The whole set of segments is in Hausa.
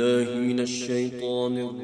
الله من الشيطان الرجيم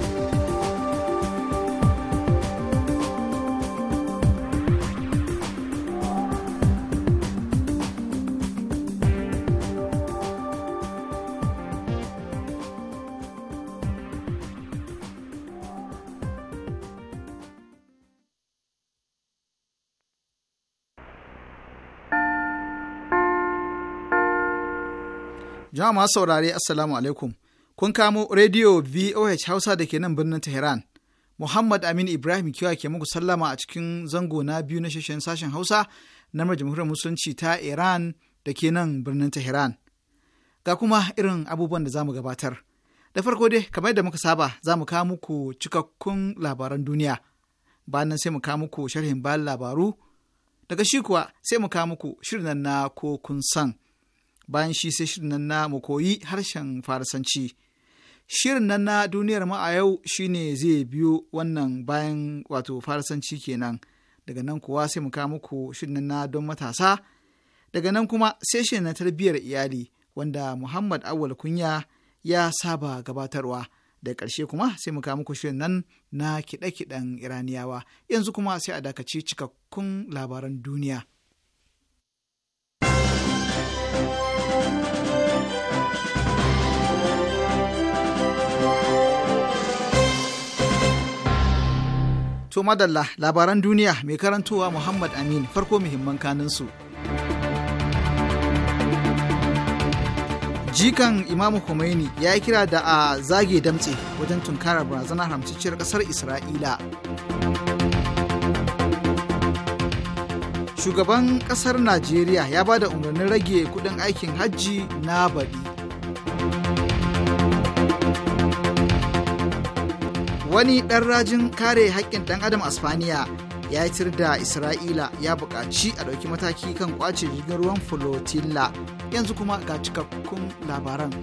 Jama'a masu saurare Assalamu alaikum. Kun kamo rediyo VOH Hausa da ke nan birnin Tehran. Muhammad Amin Ibrahim Kiwa ke muku sallama a cikin zango na biyu na sashen sashen Hausa na Jamhuriyar Musulunci ta Iran da ke nan birnin Tehran. Ga kuma irin abubuwan da za mu gabatar. Da farko dai, kamar da muka saba, za mu kawo muku cikakkun labaran duniya. Bayan sai mu kawo muku sharhin bayan labaru. Daga shi kuwa sai mu kawo muku shirin na ko kun san. bayan shi sai shirin nan na mu koyi harshen farisanci shirin nan na duniyar mu a yau shine zai biyo wannan bayan wato farisanci kenan daga nan kuwa sai mu kawo muku shirin nan na don matasa daga nan kuma sai shirin na tarbiyyar iyali wanda muhammad awal kunya ya saba gabatarwa da ƙarshe kuma sai mu kawo muku shirin nan na kiɗe-kiɗen iraniyawa yanzu kuma sai a dakaci cikakkun labaran duniya. To madalla labaran duniya mai karantowa Muhammad Amin farko muhimman su. Jikan Imamu Khomeini ya yi kira da a zage damtse wajen tunkarar barazanar haramcicciyar ƙasar Isra'ila. Shugaban ƙasar Najeriya ya ba da umarnin rage kuɗin aikin hajji na baɗi. wani ɗan rajin kare haƙƙin ɗan adam a spaniya ya yi da isra'ila ya buƙaci a ɗauki mataki kan ƙwace jirgin ruwan flotilla yanzu kuma ga cikakkun labaran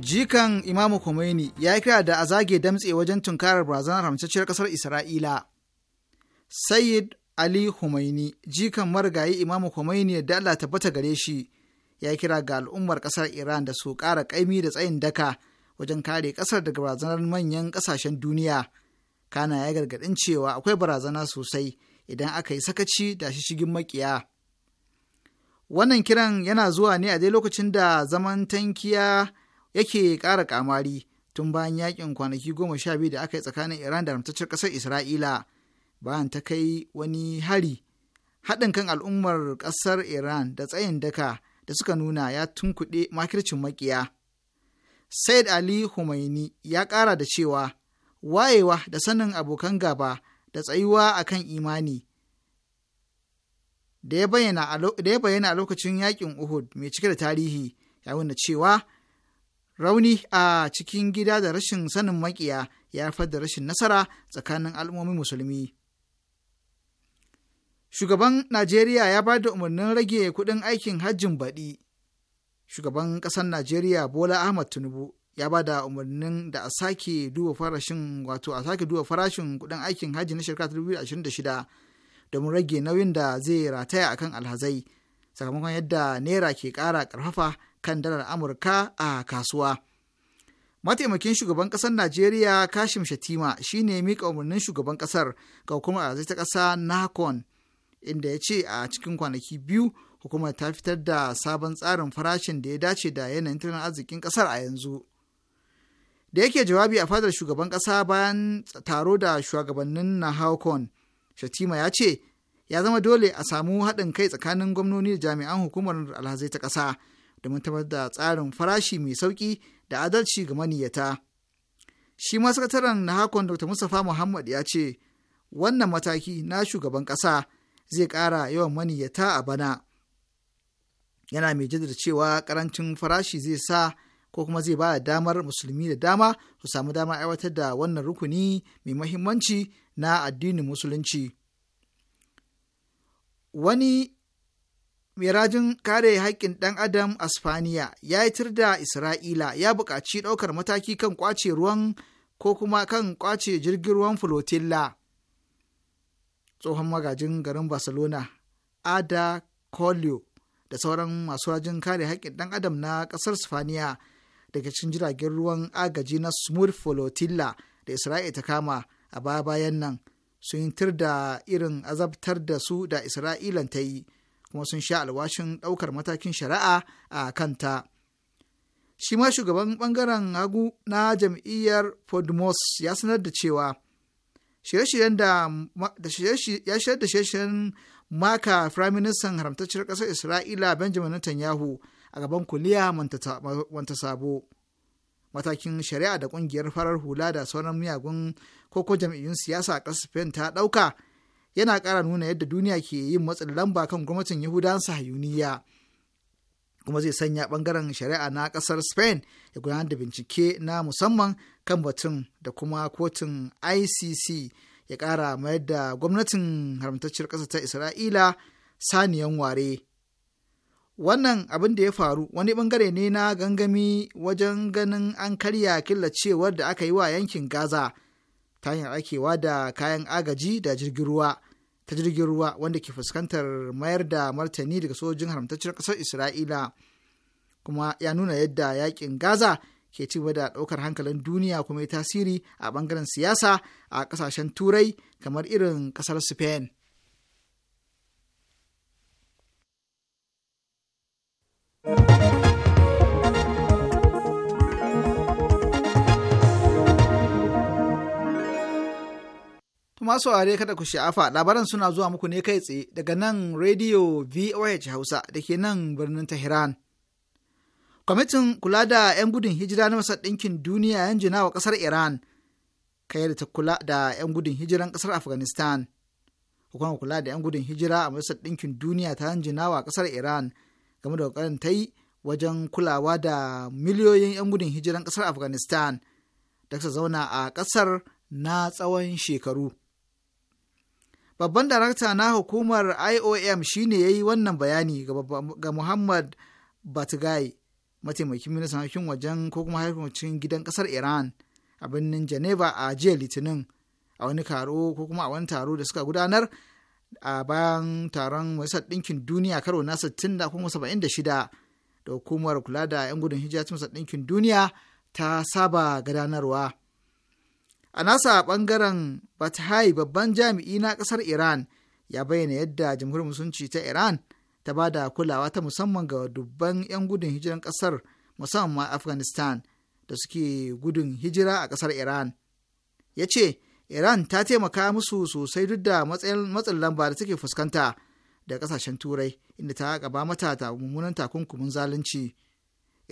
jikan imamu Khomeini ya yi kira da a zage damtse wajen tunkarar barazanar ramtacciyar ƙasar isra'ila sayyid ali Khomeini jikan marigayi imamu Khomeini da allah tabbata gare shi ya kira ga al'ummar ƙasar Iran da su kara kaimi da tsayin daka wajen kare kasar daga barazanar manyan ƙasashen duniya. Kana ya gargadin cewa akwai barazana sosai idan aka yi sakaci da shishigin makiya. Wannan kiran yana zuwa ne a dai lokacin da zaman tankiya yake kara kamari tun bayan yakin kwanaki goma sha biyu da aka yi tsakanin Iran da ramtaccen kasar Isra'ila bayan ta kai wani hari. Haɗin kan al'ummar ƙasar Iran da tsayin daka da suka nuna ya tunkuɗe makircin makiya. Said Ali Humaini ya ƙara da cewa wayewa da sanin abokan gaba da tsayuwa akan imani da ya bayyana a lokacin yaƙin Uhud mai cike da tarihi ya wuna cewa rauni a cikin gida da rashin sanin makiya ya haifar da rashin nasara tsakanin al'ummomin musulmi. Shugaban Najeriya ya ba da umarnin rage kudin aikin hajjin baɗi. Shugaban ƙasar Najeriya Bola Ahmad Tinubu ya ba da umarnin da a sake duba farashin wato a sake duba farashin kudin aikin hajji na shekara 2026 domin rage nauyin da zai rataya akan alhazai sakamakon yadda naira ke ƙara ƙarfafa kan dalar Amurka a kasuwa. Mataimakin shugaban ƙasar Najeriya Kashim Shatima shine mika umarnin shugaban ƙasar ga hukumar alhazai ta ƙasa Nakon. inda ya ce a cikin kwanaki biyu hukumar ta fitar da sabon tsarin farashin da ya dace da yanayin tattalin arzikin kasar a yanzu da yake jawabi a fadar shugaban kasa bayan taro da shugabannin na haukon shatima ya ce ya zama dole a samu haɗin kai tsakanin gwamnoni da jami'an hukumar alhazai ta ƙasa domin tabbatar da tsarin farashi mai sauƙi da adalci ga maniyyata shi ma sakataren na hakon dr mustapha muhammad ya ce wannan mataki na shugaban ƙasa zai ƙara yawan maniyyata a bana yana mai jaddada cewa karancin farashi zai sa ko kuma zai ba da damar musulmi da dama su samu damar aiwatar da wannan rukuni mai mahimmanci na addinin musulunci wani mai rajin kare haƙƙin ɗan adam a spaniya ya yi da isra'ila ya buƙaci ɗaukar mataki kan ƙwace ruwan ko kuma kan kwace jirgin ruwan flotilla tsohon magajin garin barcelona ada colio da sauran masu rajin kare haƙƙin ɗan adam na ƙasar sifaniya daga cikin jiragen ruwan agaji na smooth Folotilla da isra'il ta kama a baya bayan nan sun yi tir da irin azabtar da su da isra'ilan ta yi kuma sun sha alwashin ɗaukar matakin shari'a a kanta shi ma shugaban ɓangaren hagu na jam'iyyar podmos ya sanar da cewa shirye-shiryen da ya shirye da shirye maka firaministan haramtacciyar ƙasar isra'ila benjamin netanyahu a gaban kuliya wanta sabo matakin shari'a da ƙungiyar farar hula da sauran miyagun koko jam'iyyun siyasa a ƙasar spain ta ɗauka yana ƙara nuna yadda duniya ke yin matsin lamba kan gwamnatin yahudan sahayuniya kuma zai sanya bangaren shari'a na ƙasar spain ya gudanar da bincike na musamman kan batun da kuma kotun icc ya ƙara mayar da gwamnatin haramtacciyar ƙasa ta isra'ila saniyan ware wannan abin da ya faru wani bangare ne na gangami wajen ganin an karya killacewar da aka yi wa yankin gaza ta hanyar aikewa da kayan agaji da jirgin ruwa ta jirgin ruwa wanda ke fuskantar mayar da martani daga sojojin haramtacciyar ƙasar isra'ila kuma ya nuna yadda yakin gaza ke ci da ɗaukar hankalin duniya kuma ya tasiri a ɓangaren siyasa a ƙasashen turai kamar irin ƙasar spain masu ware kada ku sha'afa labaran suna zuwa muku ne kai tsaye daga nan radio voh hausa da ke nan birnin tehran Kwamitin kula da 'yan gudun hijira na Masar Ɗinkin Duniya yan jina wa ƙasar Iran, kai da ta kula da 'yan gudun hijiran ƙasar Afghanistan. Hukumar kula da 'yan gudun hijira a masar Ɗinkin Duniya ta jina wa ƙasar Iran game da ƙoƙarin ta yi wajen kulawa da miliyoyin 'yan gudun hijiran ƙasar Afghanistan da su zauna a ƙasar na tsawon shekaru. Babban darakta na hukumar IOM shine ya yi wannan bayani ga Muhammad Batgai. mataimakin ministan harkokin wajen ko kuma harkokin gidan kasar iran a birnin geneva a jiya litinin a wani karo ko kuma a wani taro da suka gudanar a bayan taron majalisar ɗinkin duniya karo na 60 da kuma 76 da hukumar kula da 'yan gudun hijira ta ɗinkin duniya ta saba gadanarwa. a nasa bangaren bathai babban jami'i na kasar iran ya bayyana yadda jamhuriyar musulunci ta iran ta ba da kulawa ta musamman ga dubban 'yan gudun hijiran kasar musamman afghanistan da suke gudun hijira a kasar iran ya ce iran ta taimaka musu sosai duk da matsin lamba da suke fuskanta da kasashen turai inda ta gaba mata ta mummunan takunkumin zalunci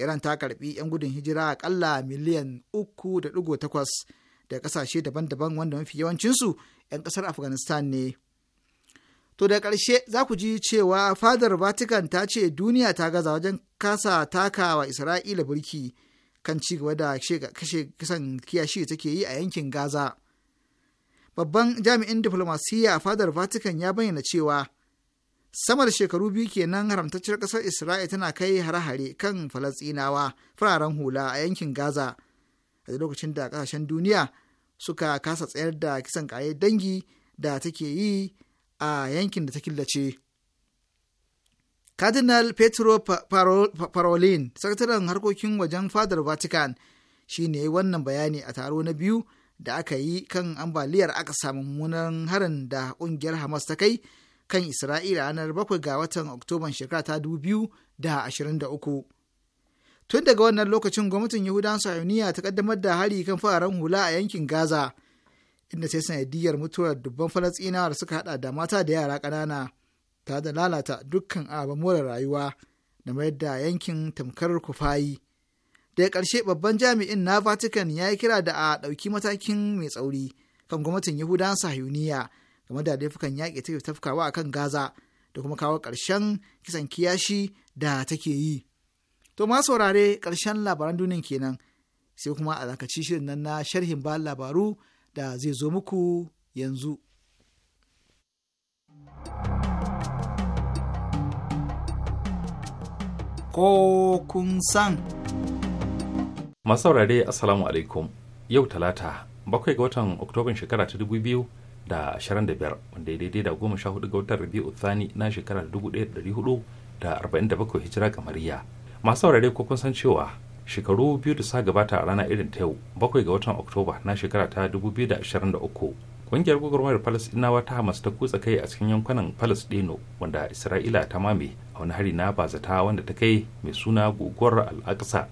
iran ta karbi 'yan gudun hijira akalla miliyan 3.8 da ƙasashe daban-daban wanda mafi yawancinsu 'yan kasar afghanistan ne To da ƙarshe za ku ji cewa fadar Vatican ta ce duniya ta gaza wajen kasa taka wa Isra'ila burki kan ci gaba da kashe kisan kiyashi take yi a yankin Gaza. Babban jami'in diflomasiyya a fadar Vatican ya bayyana cewa sama da shekaru biyu kenan haramtacciyar ƙasar Isra'ila tana kai hare-hare kan Falasɗinawa fararen hula a yankin Gaza a lokacin da ƙasashen duniya suka kasa tsayar da kisan ƙaye dangi da take yi a yankin da ta killace. Cardinal Petro Parolin, sakataren harkokin wajen fadar Vatican, shi ne wannan bayani a taro na biyu da aka yi kan ambaliyar aka samu mummunan harin da ƙungiyar Hamas ta kai kan Isra'ila ranar bakwai ga watan Oktoban shekara ta dubu da ashirin da Tun daga wannan lokacin gwamnatin Yahudan sauniya ta kaddamar da hari kan fararen hula a yankin Gaza. inda sai sanadiyar mutuwar dubban falasɗinawa da suka hada da mata da yara ƙanana ta da lalata dukkan ababen more rayuwa da mayar da yankin tamkar kufayi daga karshe babban jami'in na vatican ya yi kira da a ɗauki matakin mai tsauri kan gwamnatin yahudan sahiyuniya game da laifukan yaƙi take tafkawa akan gaza da kuma kawo ƙarshen kisan kiyashi da take yi to ma saurare ƙarshen labaran duniya kenan sai kuma a zakaci shirin nan na sharhin ba labaru da zai zo muku yanzu. Ko kun san. Masu saurare Assalamu alaikum yau talata bakwai ga watan Oktoban shekara ta dubu biyu da ashirin da biyar wanda ya daidai da goma sha hudu ga watan Rabi'u Thani na shekara dubu ɗaya da dari hudu da arba'in da bakwai hijira ga Masu saurare ko kun san cewa shekaru biyu da suka gabata a rana irin ta yau bakwai ga watan oktoba na shekara ta dubu biyu da da 2023 kungiyar gwagwarmayar falasdinawa ta hamas ta kutsa kai a cikin yankunan falasdino wanda isra'ila ta mame a wani hari na bazata wanda ta kai mai suna guguwar al'aqsa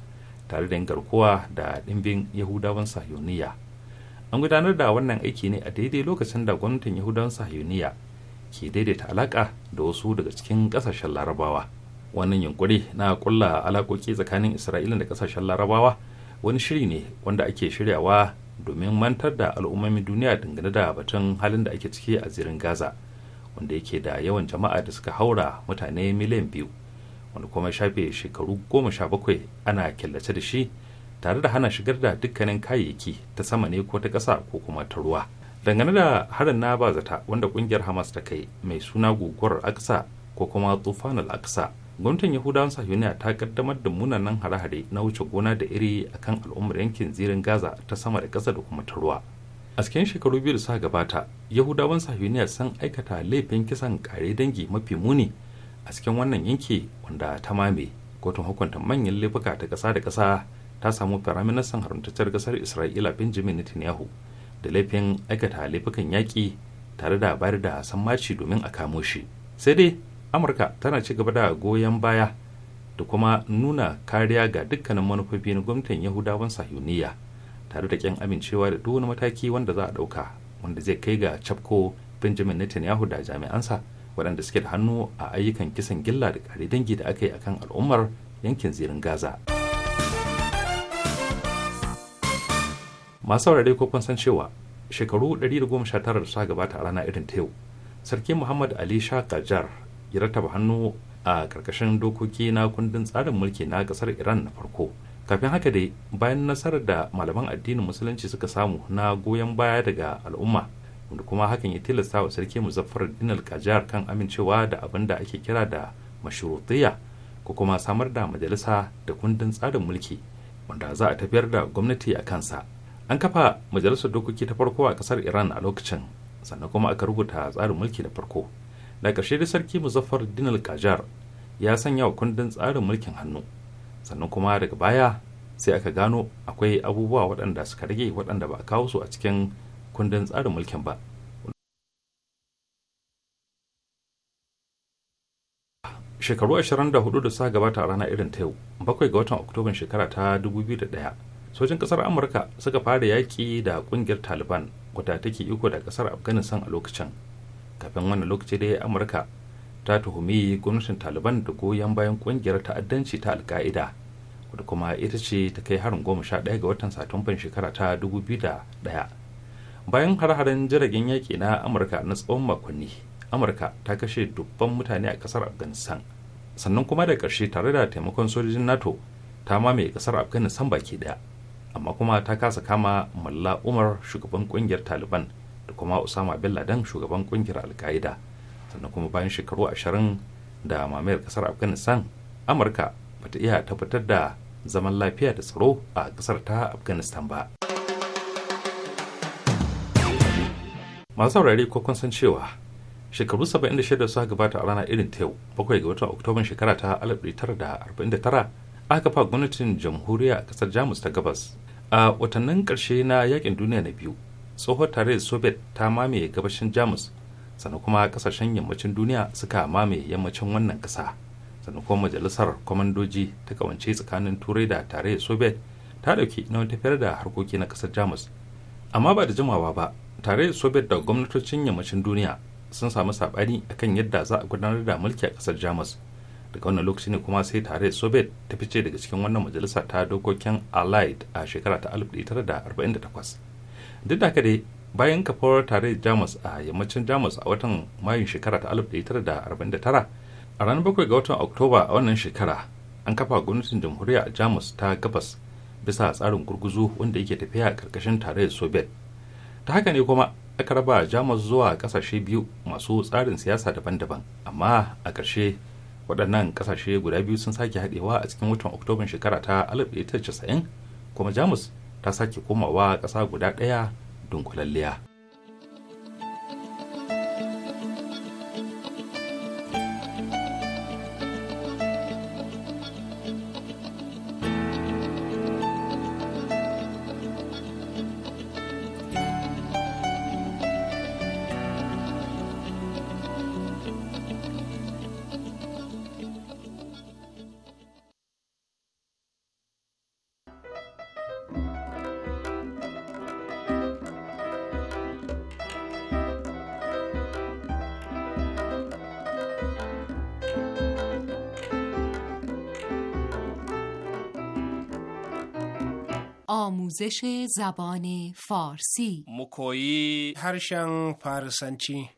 tare da garkuwa da ɗimbin yahudawan sahiyoniya an gudanar da wannan aiki ne a daidai lokacin da gwamnatin yahudawan sahiyoniya ke daidaita alaka da wasu daga cikin ƙasashen larabawa wannan yunkuri na kulla alaƙoƙi tsakanin isra'ila da ƙasashen larabawa wani shiri ne wanda ake shiryawa domin mantar da al'ummomin duniya dangane da batun halin da ake ciki a zirin gaza wanda yake da yawan jama'a da suka haura mutane miliyan biyu wanda kuma shafe shekaru goma sha bakwai ana killace da shi tare da hana shigar da dukkanin kayayyaki ta sama ne ko ta ƙasa ko kuma ta ruwa dangane da harin na bazata wanda kungiyar hamas ta kai mai suna guguwar aksa ko kuma tufanul aksa gwamnatin yahudawan sahiyoniya ta kaddamar da munanan hare-hare na wuce gona da iri a kan al'ummar yankin zirin gaza ta sama da ƙasa da kuma ta ruwa a cikin shekaru biyu da suka gabata yahudawan sahiyoniya sun aikata laifin kisan kare dangi mafi muni a cikin wannan yanki wanda ta mame kotun hukunta manyan laifuka ta kasa da ƙasa ta samu firaministan haramtacciyar ƙasar isra'ila benjamin netanyahu da laifin aikata laifukan yaƙi tare da bayar da sammaci domin a kamo shi sai dai amurka tana ci gaba da goyon baya da kuma nuna kariya ga dukkanin manufofi na gwamnatin yahudawan sahiyuniya tare da kyan amincewa da duk wani mataki wanda za a dauka wanda zai kai ga cafko benjamin netanyahu da jami'ansa waɗanda suke da hannu a ayyukan kisan gilla da kare dangi da aka yi akan al'ummar yankin zirin gaza masu saurare ko kun san cewa shekaru 119 da suka gabata a rana irin ta yau sarki muhammad ali shah qajar ya rattaba hannu a ƙarƙashin dokoki na kundin tsarin mulki na ƙasar iran na farko kafin haka dai bayan nasarar da malaman addinin musulunci suka samu na goyon baya daga al'umma wanda kuma hakan ya tilasta wa sarki muzaffar dinar kajar kan amincewa da abin da ake kira da mashurutiya ko kuma samar da majalisa da kundin tsarin mulki wanda za a tafiyar da gwamnati a kansa an kafa majalisar dokoki ta farko a kasar iran a lokacin sannan kuma aka rubuta tsarin mulki na farko da ƙarshe da sarki muzaffar dinar kajar ya sanya wa kundin tsarin mulkin hannu sannan kuma daga baya sai aka gano akwai abubuwa waɗanda suka rage waɗanda ba a kawo su a cikin kundin tsarin mulkin ba shekaru 24 da suka gabata a rana irin ta yau bakwai ga watan oktoban shekara ta 2001 sojin kasar amurka suka fara yaƙi da ƙungiyar taliban wadda take iko da kasar afghanistan a lokacin kafin wani lokaci dai amurka ta tuhumi gwamnatin taliban da goyon bayan kungiyar ta'addanci ta alka'ida wadda kuma ita ce ta kai harin goma sha ɗaya ga watan satumban shekara ta dubu biyu da ɗaya bayan har-haren jiragen yaƙi na amurka na tsawon makonni amurka ta kashe dubban mutane a ƙasar afghanistan sannan kuma da ƙarshe tare da taimakon sojojin nato ta mamaye ƙasar afghanistan baki ɗaya amma kuma ta kasa kama malla umar shugaban ƙungiyar taliban da kuma usama bin laden shugaban kungiyar alka'ida sannan kuma bayan shekaru ashirin da mamayar kasar afghanistan amurka bata iya tabbatar da zaman lafiya da tsaro a kasar ta afghanistan ba masu saurari ko kun san cewa shekaru 76 suka gabata a rana irin ta yau bakwai ga watan oktoban shekara ta 1949 aka fa gwamnatin jamhuriya kasar jamus ta gabas a watannin karshe na yakin duniya na biyu tare tarayyar soviet ta mamaye gabashin jamus sannan kuma kasashen yammacin duniya suka mamaye yammacin wannan kasa sannan kuma majalisar kwamandoji ta kawance tsakanin turai da tarayyar soviet ta dauki na tafiyar da harkoki na kasar jamus amma ba da jimawa ba tarayyar soviet da gwamnatocin yammacin duniya sun samu sabani akan yadda za a gudanar da mulki a kasar jamus daga wannan lokaci ne kuma sai tarayyar soviet ta fice daga cikin wannan majalisa ta dokokin allied a shekara ta 1948 duk da haka dai bayan kafar tare jamus a yammacin jamus a watan mayun shekara ta 1949 a ranar bakwai ga watan oktoba a wannan shekara an kafa gwamnatin jamhuriya a jamus ta gabas bisa tsarin gurguzu wanda yake tafiya a karkashin tarayyar soviet ta haka ne kuma aka raba jamus zuwa kasashe biyu masu tsarin siyasa daban-daban amma a ƙarshe waɗannan kasashe guda biyu sun sake haɗewa a cikin watan oktoban shekara ta 1990 kuma jamus ta sake komawa ƙasa guda ɗaya dunkulalliya آموزش zaboni فارسی مکویی هرشن فارسنچی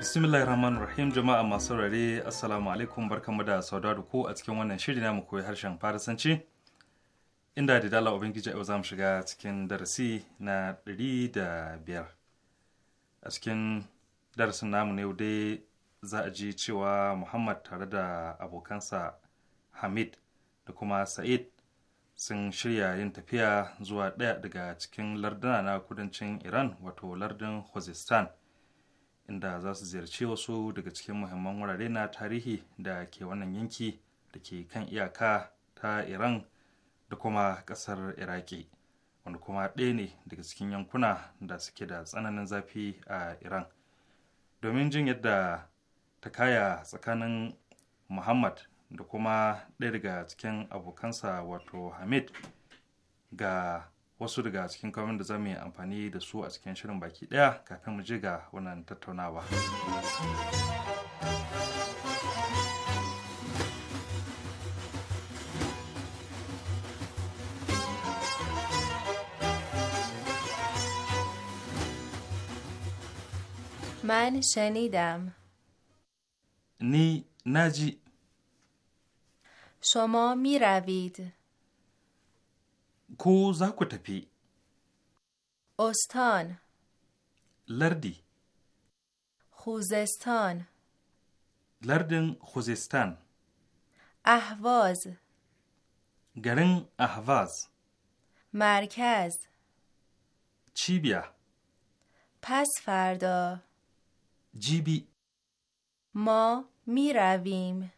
bismillahir rahmanir rahim jama'a masu rare assalamu alaikum barkamu da sauda da ku a cikin wannan shiri na mu koyi harshen farisanci inda da dala ubangiji yau za mu shiga cikin darasi na ɗari da biyar a cikin darasin namu ne dai za a ji cewa muhammad tare da abokansa hamid da kuma sa'id sun shirya yin tafiya zuwa ɗaya daga cikin larduna na kudancin iran wato lardin khuzestan inda za su ziyarci wasu daga cikin muhimman wurare na tarihi da ke wannan yanki da ke kan iyaka ta iran da kuma ƙasar iraki wanda kuma ɗaya ne daga cikin yankuna da suke da tsananin zafi a iran domin jin yadda ta kaya tsakanin muhammad da kuma ɗaya daga cikin abokansa wato hamid ga wasu daga cikin kwamin da za mu yi amfani da su a cikin shirin baki ɗaya kafin mu ji ga wannan tattaunawa. من شنیدم نی نجی شما می روید کو زاکو تپی استان لردی خوزستان لردن خوزستان احواز گرن احواز مرکز چی بیا پس فردا جیبی ما می رویم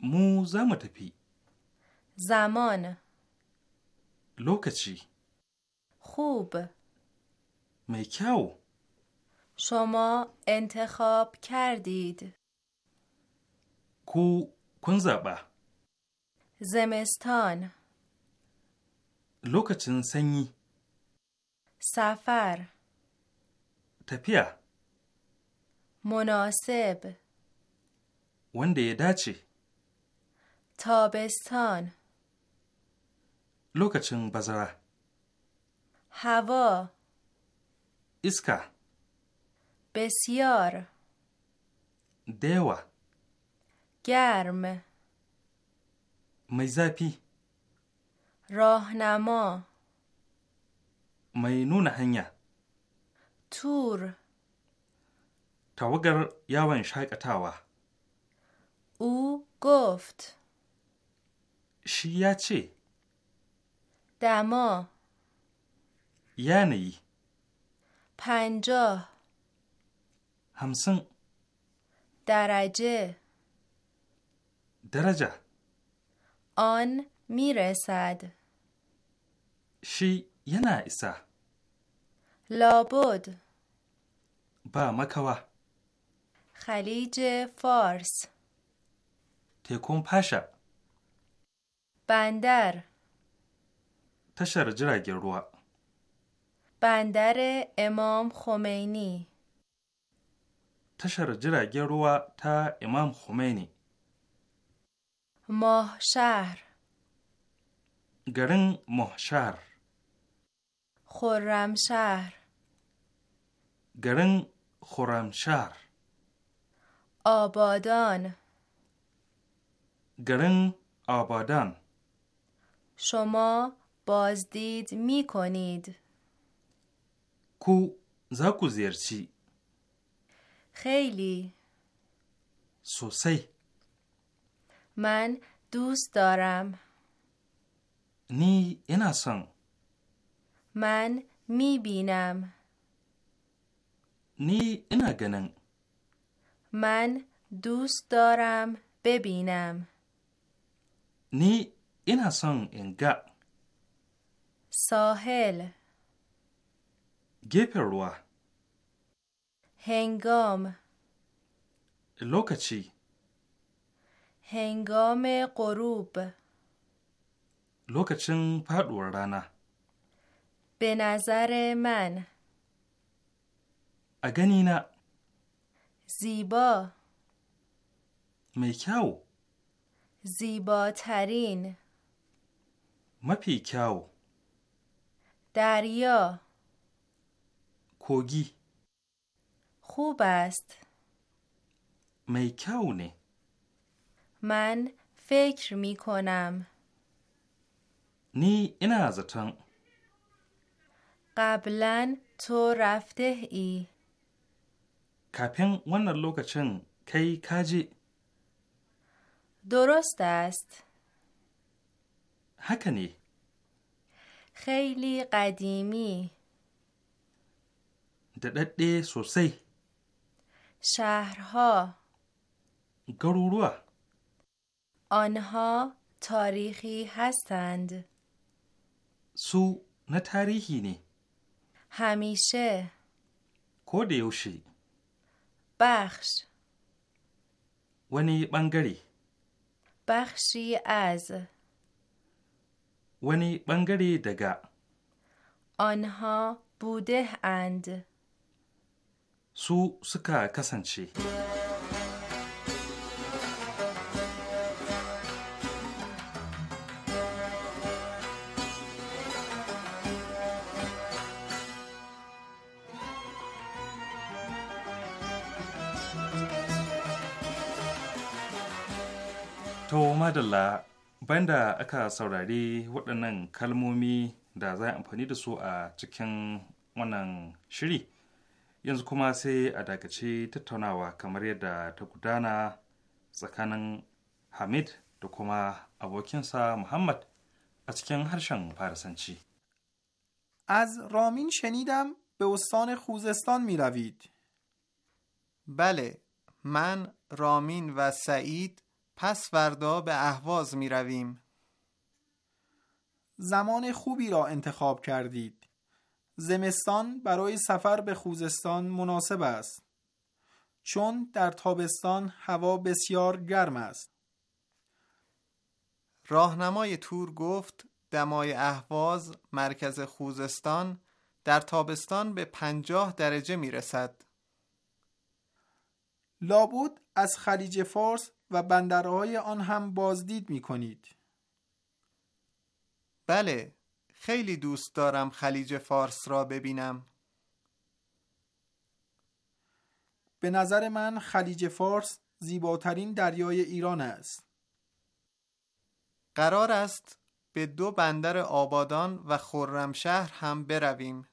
مو متپی زمان لوکچی خوب میکاو شما انتخاب کردید کو زبه؟ زمستان لوکچن سنی سفر تپیا مناسب wanda ya dace? Tabestan. Lokacin bazara. Hava. Iska. Besiyar. Dewa. Germ. Mai zafi. Rahnama. Mai nuna hanya. Tur. Tawagar yawon shaƙatawa. او گفت چی؟ دما یعنی پنجاه همسن درجه درجه آن میرسد شی یه نایسا لابد با مکوه خلیج فارس تکون پشه بندر تشر جرگی گروه بندر امام خمینی تشر جرگی گروه تا امام خمینی ماه شهر گرن ماه شهر خورم شهر گرن خورم شهر آبادان گرنگ آبادان شما بازدید می کنید کو زاکو زیرچی خیلی سوسی من دوست دارم نی ایناسن من می بینم نی اینا گنن من دوست دارم ببینم ni ina son in ga sahel gefen ruwa Hengom. lokaci Hengome qurub lokacin faduwar rana benazare man a ganina ziba mai kyau زیباترین مفی کیاو دریا کوگی خوب است می نی من فکر می کنم نی این زتن قبلا تو رفته ای کپین ون لوکچن کی کاجی درست است هکنی خیلی قدیمی دردده سوسی شهرها گرورو آنها تاریخی هستند سو نه تاریخی نی همیشه کودیوشی بخش ونی بنگری barshi a wani ɓangare daga ga. on and. su suka kasance. To madalla banda aka saurari waɗannan kalmomi da za a amfani da su a cikin wannan shiri yanzu kuma sai a dakace tattaunawa kamar yadda ta gudana tsakanin Hamid da kuma abokinsa Muhammad a cikin harshen Farisanci. az Ramin شنیدم به استان خوزستان می روید. بله من رامین و سعید پس فردا به اهواز می رویم. زمان خوبی را انتخاب کردید. زمستان برای سفر به خوزستان مناسب است. چون در تابستان هوا بسیار گرم است. راهنمای تور گفت دمای اهواز مرکز خوزستان در تابستان به پنجاه درجه می رسد. لابود از خلیج فارس و بندرهای آن هم بازدید می کنید. بله، خیلی دوست دارم خلیج فارس را ببینم. به نظر من خلیج فارس زیباترین دریای ایران است. قرار است به دو بندر آبادان و خرمشهر هم برویم.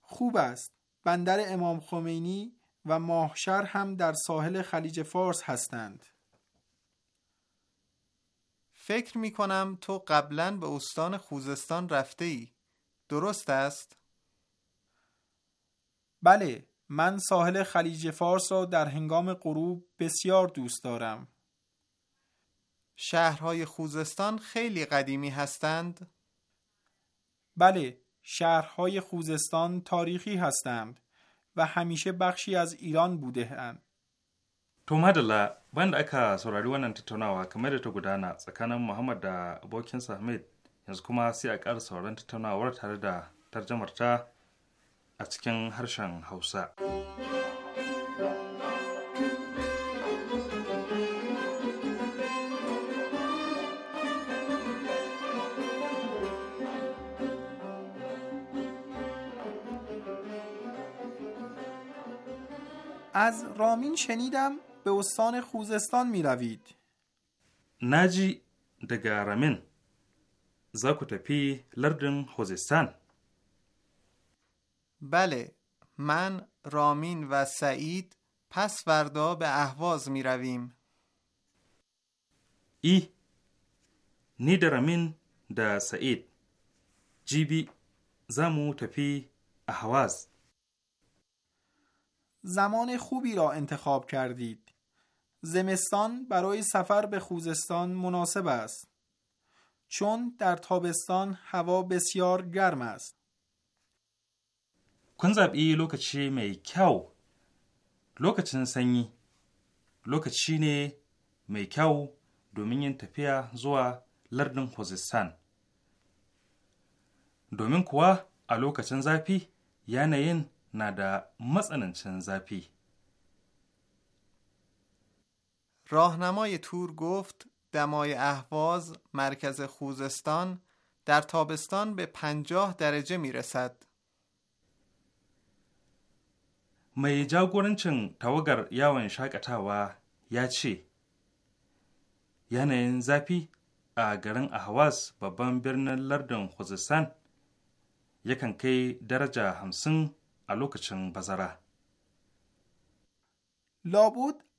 خوب است. بندر امام خمینی و ماهشر هم در ساحل خلیج فارس هستند فکر می کنم تو قبلا به استان خوزستان رفته ای درست است؟ بله من ساحل خلیج فارس را در هنگام غروب بسیار دوست دارم شهرهای خوزستان خیلی قدیمی هستند؟ بله شهرهای خوزستان تاریخی هستند و همیشه بخشی از ایران بوده ام. To madalla banda aka saurari wannan tattaunawa kamar da ta gudana tsakanin Muhammad da abokinsa Hamid yanzu kuma sai a ƙara sauran tattaunawar tare da tarjamarta a cikin harshen Hausa. از رامین شنیدم به استان خوزستان می روید نجی دگا رامین زاکو تپی لردن خوزستان بله من رامین و سعید پس فردا به اهواز می رویم ای نی دا سعید جیبی زمو تپی اهواز زمان خوبی را انتخاب کردید. زمستان برای سفر به خوزستان مناسب است. چون در تابستان هوا بسیار گرم است. کن زبی لوکچی می کیو لوکچن سنی لوکچی نی می کیو دومین یین تفیا زوا لردن خوزستان دومین کوا ا لوکچن زفی یعنی na da matsanancin zafi. راهنمای تور گفت دمای اهواز مرکز خوزستان در تابستان به پنجاه درجه میرسد. می جا گورنچن تاوگر یا وان شاکتاوا یا چی؟ یعنی نین زپی آگرن احواز بابان برن لردن خوزستان یکن کی درجه همسن a lokacin bazara.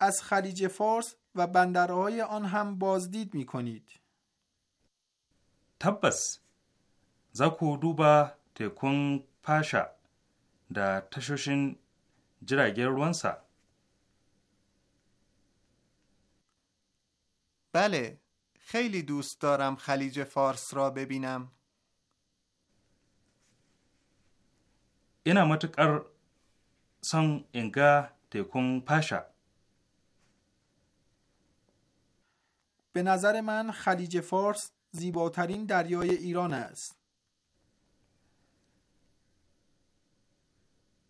از خلیج فارس و بندرهای آن هم بازدید می کنید. تبس زکو دوبا تکون پاشا دا تشوشن جراگیر روانسا بله خیلی دوست دارم خلیج فارس را ببینم. ina matuƙar son in ga tekun Fasha. به نظر من خلیج فارس زیباترین دریای ایران است.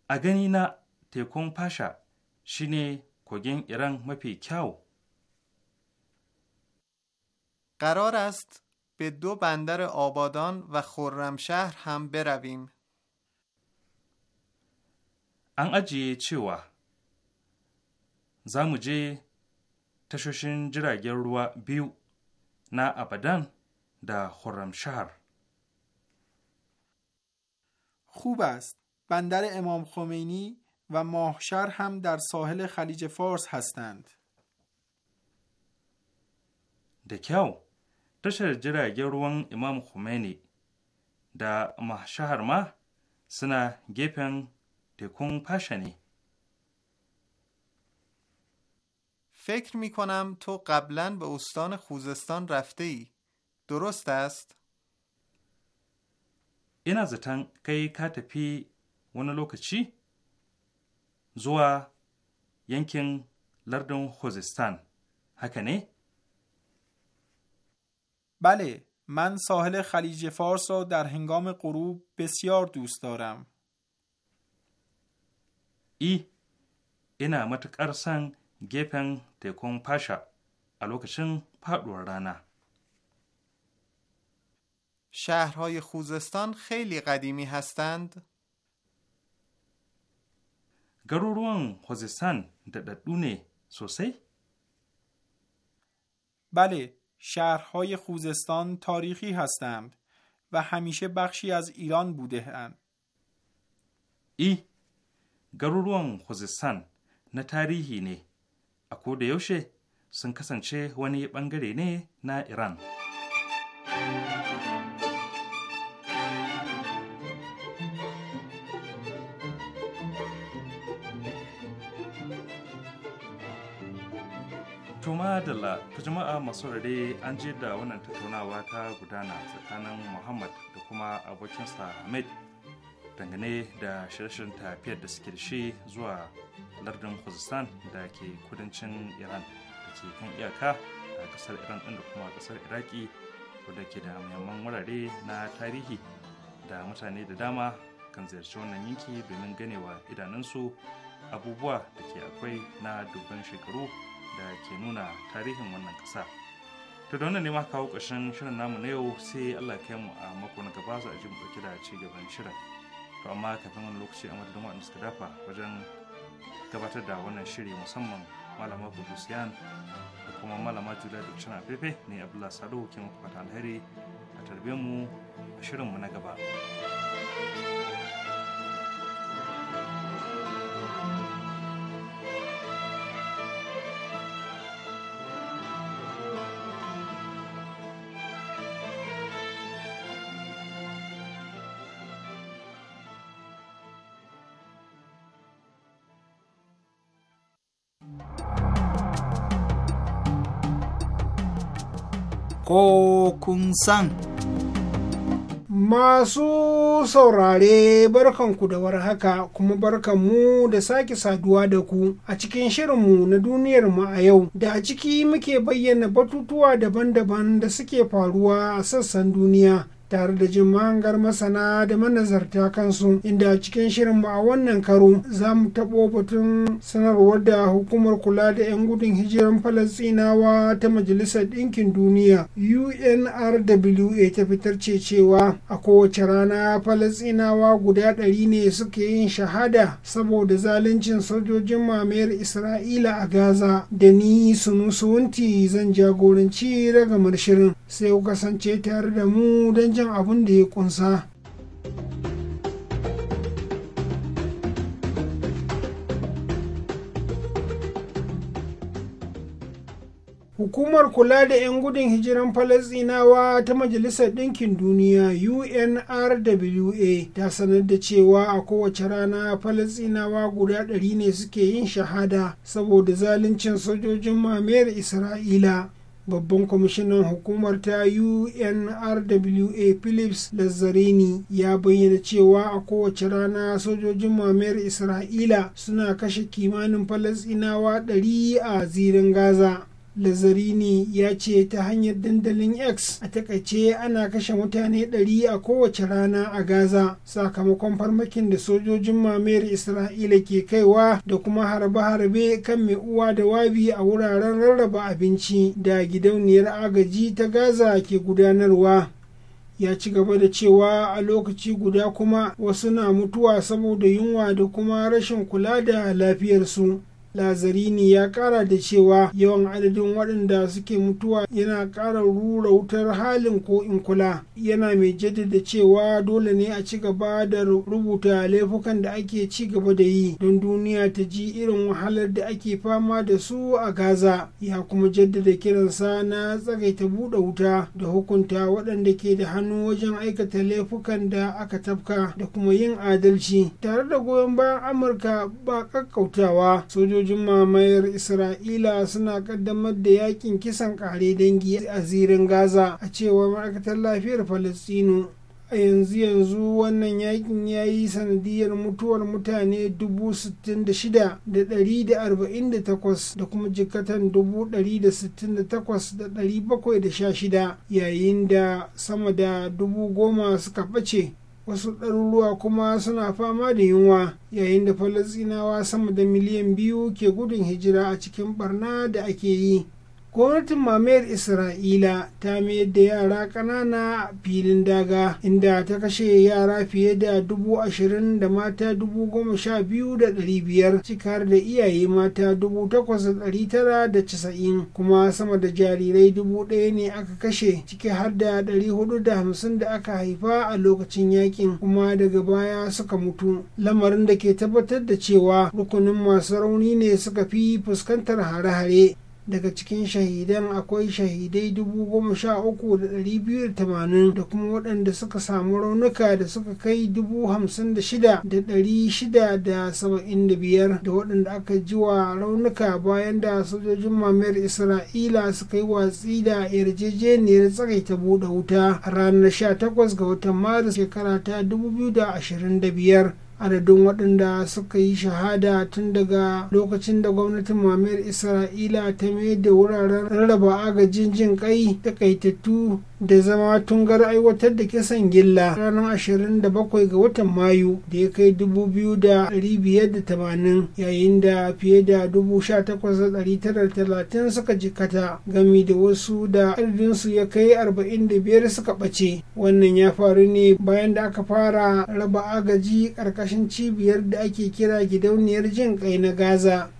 اگنی نه تکون پاشا شینه کوگین ایران مپی کیاو. قرار است به دو بندر آبادان و خرمشهر هم برویم. an ajiye cewa za mu je tashoshin jiragen ruwa biyu na Abadan da Khurramshahar. خوب است. بندر امام خمینی و ماهشر هم در ساحل خلیج فارس هستند. دکیو تشر جرگ روان امام خمینی دا ماهشهر ما سنا گپن فکر می کنم تو قبلا به استان خوزستان رفته ای. درست است؟ اینا زتن کی ka tafi که چی؟ زوا لردن لردون خوزستان هکنه؟ بله من ساحل خلیج فارس را در هنگام غروب بسیار دوست دارم. ای e, اینا matuƙar san gefen tekun fasha a lokacin faɗuwar rana. شهرهای خوزستان خیلی قدیمی هستند. گروروان خوزستان در دونه سوسی؟ بله، شهرهای خوزستان تاریخی هستند و همیشه بخشی از ایران بوده اند. ای e, garuruwan Khuzestan na tarihi ne, a da yaushe sun kasance wani ɓangare ne na Iran. Tuma la ta jama'a masu rare an je da wannan tattaunawa ta gudana tsakanin Muhammad da kuma abokinsa Ahmed dangane da shirye-shiryen tafiyar da suke da shi zuwa lardin khuzistan da ke kudancin iran da ke kan iyaka a kasar iran ɗin da kuma kasar iraki wadda ke da muhimman wurare na tarihi da mutane da dama kan ziyarci wannan yanki domin ganewa idanunsu abubuwa da ke akwai na dubban shekaru da ke nuna tarihin wannan ƙasa. ta da wannan ne kawo ƙarshen shirin namu na yau sai allah kai mu a mako na gaba za a ji mu da ci gaban shirin to amma kafin wani lokaci a madadin waɗanda suka dafa wajen gabatar da wannan shiri musamman malama kudusiyan da kuma malama julia da cina fefe ne abdullahi salihu ke muku fata alheri a tarbe mu a shirinmu na gaba. ko kun san. Masu saurare barkanku da warhaka kuma barkanmu da sake saduwa da ku a cikin shirinmu na duniyarmu a yau da a ciki muke bayyana batutuwa daban-daban da suke faruwa a sassan duniya tare da jin mahangar masana da manazarta kansu inda cikin cikin shirinmu a wannan karo za mu taɓo batun sanarwar da hukumar kula da 'yan gudun hijiran falasinawa ta majalisar ɗinkin duniya unrwa ta fitar ce cewa a kowace rana falasinawa guda ɗari ne suke yin shahada saboda zaluncin sojojin mamayar isra'ila a gaza da ni sunusunti zan jagoranci ragamar shirin sai kasance tare da mu don jan abin da ya kunsa hukumar kula da 'yan gudun hijiran falasinawa ta majalisar ɗinkin duniya unrwa ta sanar da cewa a kowace rana falasinawa guda ɗari ne suke yin shahada saboda zaluncin sojojin mamayar isra'ila babban kwamishinan hukumar ta unrwa philips lazzarini ya bayyana cewa a kowace rana sojojin mamayar isra'ila suna kashe kimanin falasinawa 100 a zirin gaza Lazarini ya ce ta hanyar dandalin X a takaice ana kashe mutane 100 a kowace rana a Gaza sakamakon farmakin da sojojin mamayar Isra'ila ke kaiwa da kuma harbe-harbe kan mai uwa da wabi a wuraren rarraba abinci da gidauniyar agaji ta Gaza ke gudanarwa. ya ci gaba da cewa a lokaci guda kuma wasu na mutuwa saboda yunwa da kuma rashin kula da lafiyarsu lazarini ya kara da cewa yawan adadin waɗanda suke mutuwa yana ƙara rura wutar halin ko in kula yana mai jaddada cewa dole ne a ci gaba da rubuta laifukan da ake ci gaba da yi don duniya ta ji irin wahalar da ake fama da su a gaza ya kuma jaddada kiransa na tsagaita buɗe wuta da hukunta waɗanda ke da hannu wajen aikata laifukan da aka tafka da kuma yin adalci tare da goyon bayan amurka ba ƙaƙƙautawa sojoji sojojin mamayar isra'ila suna kaddamar da yakin kisan kare dangi a zirin gaza a cewar ma'aikatar lafiyar falastinu a yanzu yanzu wannan yakin ya yi sanadiyar mutuwar mutane 66,148 da kuma jikatan 168,716 yayin da sama da 10,000 suka ɓace wasu ɗaruruwa kuma suna fama da yunwa yayin da falasinawa sama da miliyan biyu ke gudun hijira a cikin barna da ake yi gwamnatin mamayar isra'ila ta mayar da yara ƙanana a filin daga inda ta kashe yara fiye da dubu ashirin da mata dubu goma sha biyu da ɗari biyar cikar da iyaye mata dubu takwas da ɗari tara da casa'in kuma sama da jarirai dubu ɗaya ne aka kashe ciki har da ɗari hudu da hamsin da aka haifa a lokacin yakin kuma daga baya suka mutu lamarin da ke tabbatar da cewa rukunin masu rauni ne suka fi fuskantar hare-hare daga cikin shahidan akwai shahidai 13,280 da kuma waɗanda suka samu raunuka da suka kai 56,675 da waɗanda aka ji wa raunuka bayan da sojojin mamayar isra'ila suka yi watsi da yarjejeniyar tsakaita buɗe wuta ranar 18 ga watan maris shekara ta 2025 adadin waɗanda suka yi shahada tun daga lokacin da gwamnatin mamayar isra'ila ta mai da wuraren rarraba agajin jin kai takaitattu da zama tun tungar aiwatar da kisan gilla ranar 27 ga watan mayu da ya kai 2,580 yayin da fiye da 18,930 suka jikata gami da wasu da adadinsu ya kai 45 suka ɓace wannan ya faru ne bayan da aka fara raba agaji ƙarƙashin cibiyar da ake kira gidauniyar jin ƙai na gaza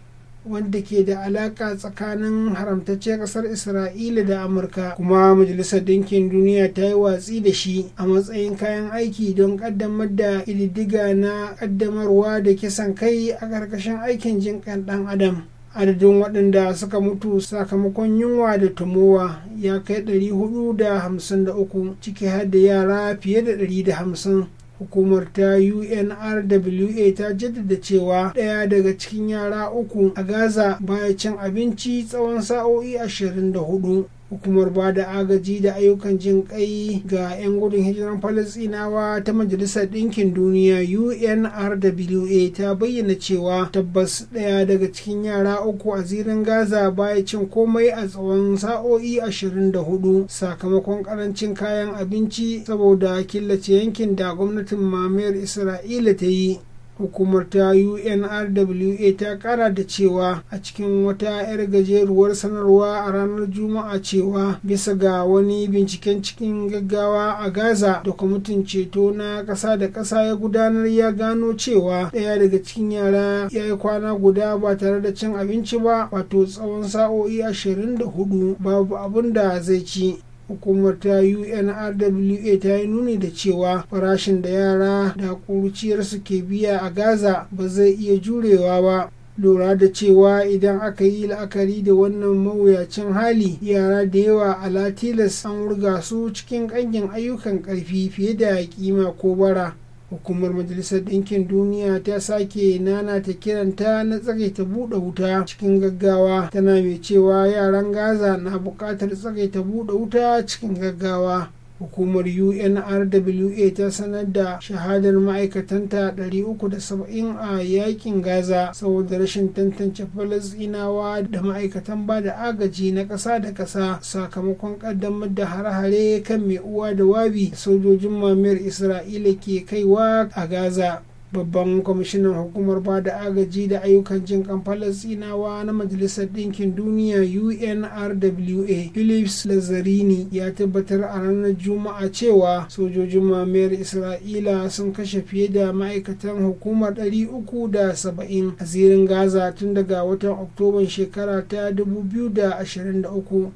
wanda ke da alaka tsakanin haramtacciyar ƙasar isra'ila da amurka kuma majalisar dinkin duniya ta yi watsi da shi a matsayin kayan aiki don ƙaddamar da ƙididdiga na ƙaddamarwa da kisan kai a ƙarƙashin aikin jinƙan ɗan adam adadin waɗanda suka mutu sakamakon yunwa da tumowa ya kai 453 ciki har da yara fiye da 150 hukumar ta unrwa ta jaddada cewa ɗaya daga cikin yara uku a gaza baya cin abinci tsawon sa'o'i 24 hukumar ba da agaji da ayyukan jin kai ga 'yan gudun hijiran falasinawa ta majalisar ɗinkin duniya unrwa ta bayyana cewa tabbas ɗaya daga cikin yara uku a zirin gaza baya cin komai a tsawon sa'o'i 24 sakamakon karancin kayan abinci saboda killace yankin da gwamnatin mamayar isra'ila ta yi hukumar ta unrwa ta kara da cewa a cikin wata 'yar gajeruwar sanarwa a ranar juma'a cewa bisa ga wani binciken cikin gaggawa a gaza da kwamitin ceto na ƙasa da ƙasa ya gudanar ya gano cewa ɗaya daga cikin yara ya yi kwana guda ba tare da cin abinci ba wato tsawon sa'o'i 24 babu abin da zai ci hukumar ta unrwa ta yi nuni da cewa farashin da yara da su ke biya a gaza ba zai iya jurewa ba lura da cewa idan aka yi la'akari da wannan mawuyacin hali yara da yawa a latilas an wurga su cikin ƙangin ayyukan ƙarfi fiye da kima ko bara hukumar majalisar ɗinkin duniya ta sake ta kiranta na tsare ta buɗe wuta cikin gaggawa tana mai cewa yaran gaza na buƙatar ta buɗe wuta cikin gaggawa hukumar unrwa ta sanar da shahadar ma'aikatanta 370 a yakin gaza saboda rashin tantance falasinawa da ma'aikatan ba da agaji na ƙasa da ƙasa sakamakon ƙaddamar da hare-hare kan mai uwa da wabi sojojin mamayar isra'ila ke kaiwa a gaza babban kwamishinan hukumar ba da agaji da ayyukan jin kan falasinawa na majalisar ɗinkin duniya unrwa philips lazarini ya tabbatar a ranar juma'a cewa sojojin mamayar isra'ila sun kashe fiye da ma'aikatan hukumar 370 a zirin gaza tun daga watan oktoban shekara ta 2023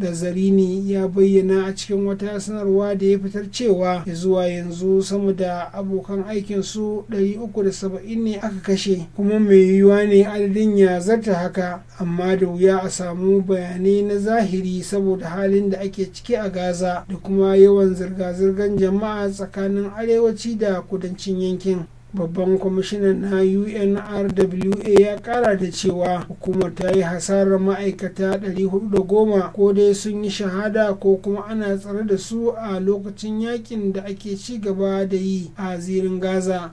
da zarini ya bayyana a cikin wata sanarwa da ya fitar cewa zuwa yanzu sama da abokan aikin aikinsu 370 ne aka kashe kuma mai yiwuwa ne adadin ya zarta haka amma da wuya a samu bayanai na zahiri saboda halin da ake ciki a gaza da kuma yawan zirga-zirgar jama'a tsakanin arewaci da kudancin yankin babban kwamishinan na unrwa ya kara da cewa hukumar ta yi hasarar ma'aikata 410 ko dai sun yi shahada ko kuma ana tsare da su a lokacin yakin da ake ci gaba da yi a zirin gaza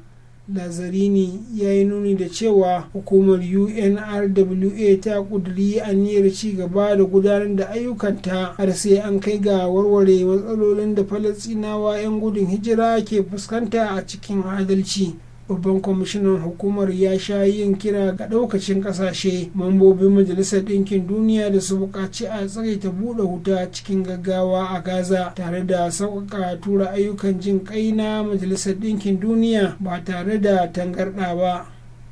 lazarini ya yi nuni da cewa hukumar unrwa ta kuduri aniyar ci gaba da gudanar da ayyukanta har sai an kai ga warware matsalolin da falasinawa 'yan gudun hijira ke fuskanta a cikin adalci babban kwamishinan hukumar ya sha yin kira ga ɗaukacin ƙasashe, mambobin majalisar ɗinkin duniya da su buƙaci a tsare ta buɗe wuta cikin gaggawa a gaza tare da sauƙaƙa tura ayyukan jin kai na majalisar ɗinkin duniya ba tare da tangarɗa ba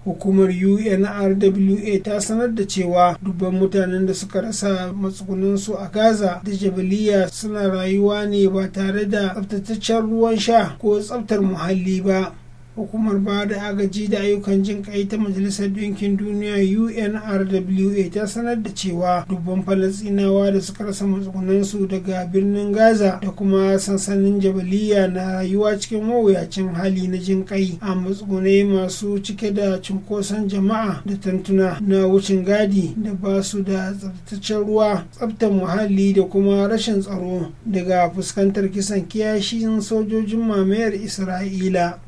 hukumar unrwa ta sanar da cewa dubban mutanen da suka rasa matsugunansu a gaza da jabaliya suna rayuwa ne ba tare da tsaftataccen ruwan sha ko tsaftar muhalli ba hukumar ba da agaji da ayyukan jin kai ta majalisar Dinkin duniya unrwa ta sanar da cewa dubban falasinawa da suka rasa matsugunansu daga birnin gaza da kuma sansanin jabaliya na rayuwa cikin mawuyacin hali na jin kai a matsugunai masu cike da cunkoson jama'a da tantuna na wucin gadi da ba su da tsabtaccen ruwa tsabtar muhalli da kuma rashin tsaro daga fuskantar kisan kiyashin sojojin mamayar isra'ila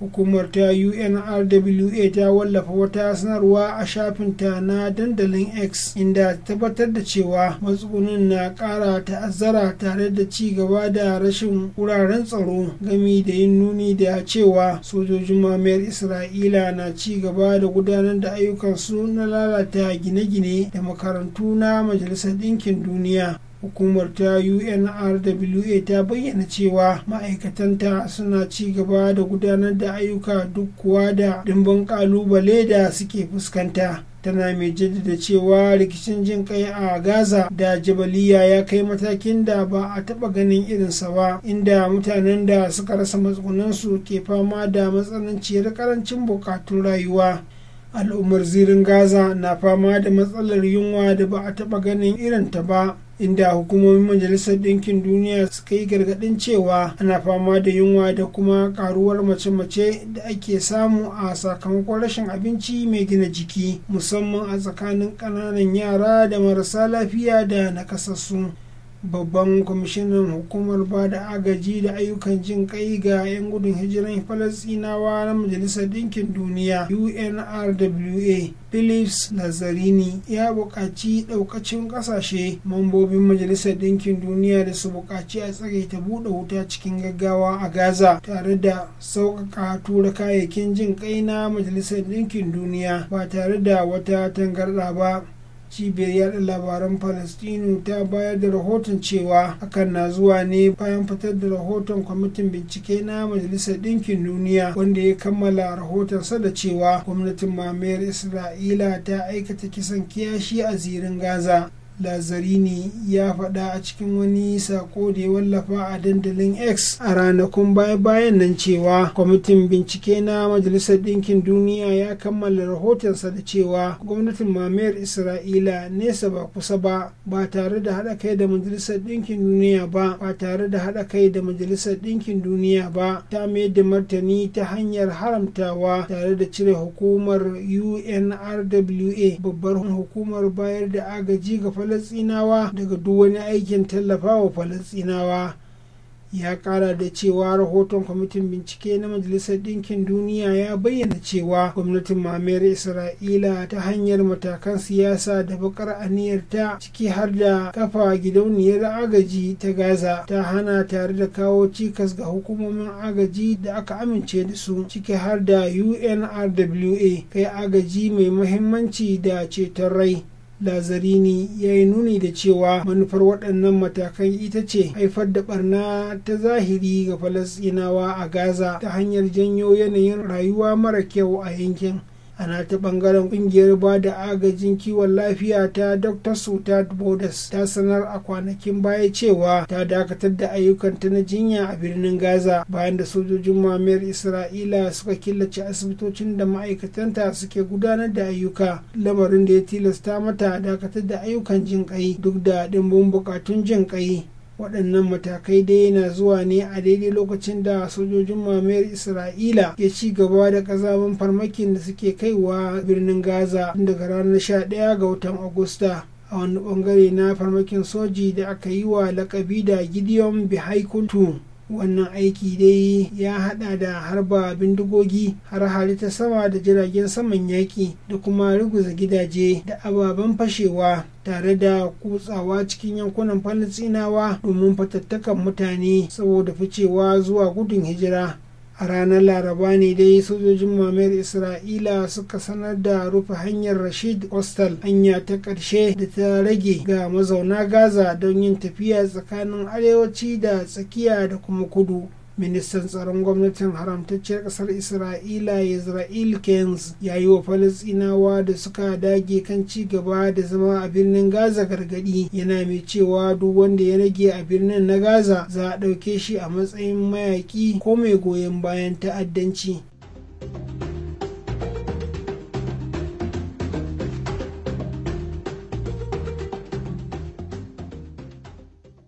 hukumar ta unrwa ta wallafa wata sanarwa a shafinta na dandalin x inda a tabbatar da cewa matsugunin na kara ta'azzara tare da ci gaba da rashin wuraren tsaro gami da yin nuni da cewa sojojin mamayar isra'ila na ci gaba da gudanar da ayyukansu na lalata gine-gine da makarantu na majalisar ɗinkin duniya hukumar ta unrwa ta bayyana cewa ma'aikatanta suna ci gaba da gudanar da ayyuka duk kuwa da dimbin kalubale da suke fuskanta tana mai jaddada cewa rikicin jin kai a gaza da jabaliya ya kai matakin da ba a taba ganin irinsa ba inda mutanen da suka rasa matsugunansu ke fama da matsananciyar karancin bukatun rayuwa al'ummar zirin gaza na fama da matsalar yunwa da ba a taba ganin irinta ba inda hukumomin majalisar ɗinkin duniya suka yi gargaɗin cewa ana fama da yunwa da kuma karuwar mace-mace da ake samu a sakamakon rashin abinci mai gina jiki musamman a tsakanin ƙananan yara da marasa lafiya da nakasassu babban kwamishinan hukumar ba da agaji da ayyukan jin kai ga 'yan gudun hijiran falasinawa na majalisar Dinkin duniya unrwa philips nazarini ya buƙaci ɗaukacin ƙasashe mambobin majalisar Dinkin duniya da su buƙaci a tsare ta buɗe wuta cikin gaggawa a gaza tare da sauƙaƙa tura kayayyakin jin kai na majalisar Dinkin duniya ba tare da wata tangarɗa ba cibiyar yada labaran palestino ta bayar da rahoton cewa hakan na zuwa ne bayan fitar da rahoton kwamitin bincike na majalisar ɗinkin duniya wanda ya kammala rahotonsa da cewa gwamnatin mamayar isra'ila ta aikata kisan kiyashi a zirin gaza lazarini ya faɗa a cikin wani sako da ya wallafa a dandalin x a ranakun baya-bayan nan cewa kwamitin bincike na majalisar ɗinkin duniya ya kammala rahotonsa da cewa gwamnatin mamayar isra'ila nesa ba kusa ba ba tare da haɗa kai da majalisar ɗinkin duniya ba ba tare da haɗa kai da majalisar ɗinkin duniya ba ta mayar da martani ta hanyar haramtawa tare da cire hukumar unrwa babbar hukumar bayar da agaji ga falasinawa daga duk wani aikin tallafawa falasinawa ya kara da cewa rahoton kwamitin bincike na majalisar ɗinkin duniya ya bayyana cewa gwamnatin mamayar isra'ila ta hanyar matakan siyasa da bakar aniyarta ciki har da kafa gidauniyar agaji ta gaza ta hana tare da kawo cikas ga hukumomin agaji da aka amince da su ciki har da unrwa kai agaji mai muhimmanci da ceton rai lazarini ya yi nuni da cewa manufar waɗannan matakan ita ce haifar da barna ta zahiri ga Falasinawa a gaza ta hanyar janyo yanayin rayuwa mara kyau a yankin a ta bangaren kungiyar ba da agajin kiwon lafiya ta dr sutad bodas ta sanar a kwanakin baya cewa ta dakatar da ayyukanta na jinya a birnin gaza bayan da sojojin mamayar isra'ila suka killace asibitocin da ma'aikatanta suke gudanar da ayyuka lamarin da ya tilasta mata dakatar da ayyukan jin duk da dimbin bukatun jin waɗannan matakai dai na zuwa ne a daidai lokacin da sojojin mamayar isra'ila ke ci gaba da kazaban farmakin da suke kaiwa birnin gaza daga ranar sha 11 ga watan agusta a wani ɓangare na farmakin soji da aka yi wa lakabi da gideon bihaikuntu wannan aiki dai ya hada da harba bindigogi har halitta sama da jiragen saman yaƙi da kuma ruguza gidaje da ababen fashewa tare da kutsawa cikin yankunan falastinawa domin fatattakan mutane saboda ficewa zuwa gudun hijira a ranar laraba ne dai sojojin mamayar isra'ila suka sanar da rufe hanyar rashid hostel hanya ta ƙarshe da ta rage ga mazauna gaza don yin tafiya tsakanin arewaci da tsakiya da kuma kudu ministan tsaron gwamnatin haramtacciyar kasar isra'ila israel kenz ya yi wa falasinawa da suka dage kan ci gaba da zama a birnin gaza gargadi yana mai cewa duk wanda ya rage a birnin na gaza za a ɗauke shi a matsayin mayaƙi ko mai goyon bayan ta'addanci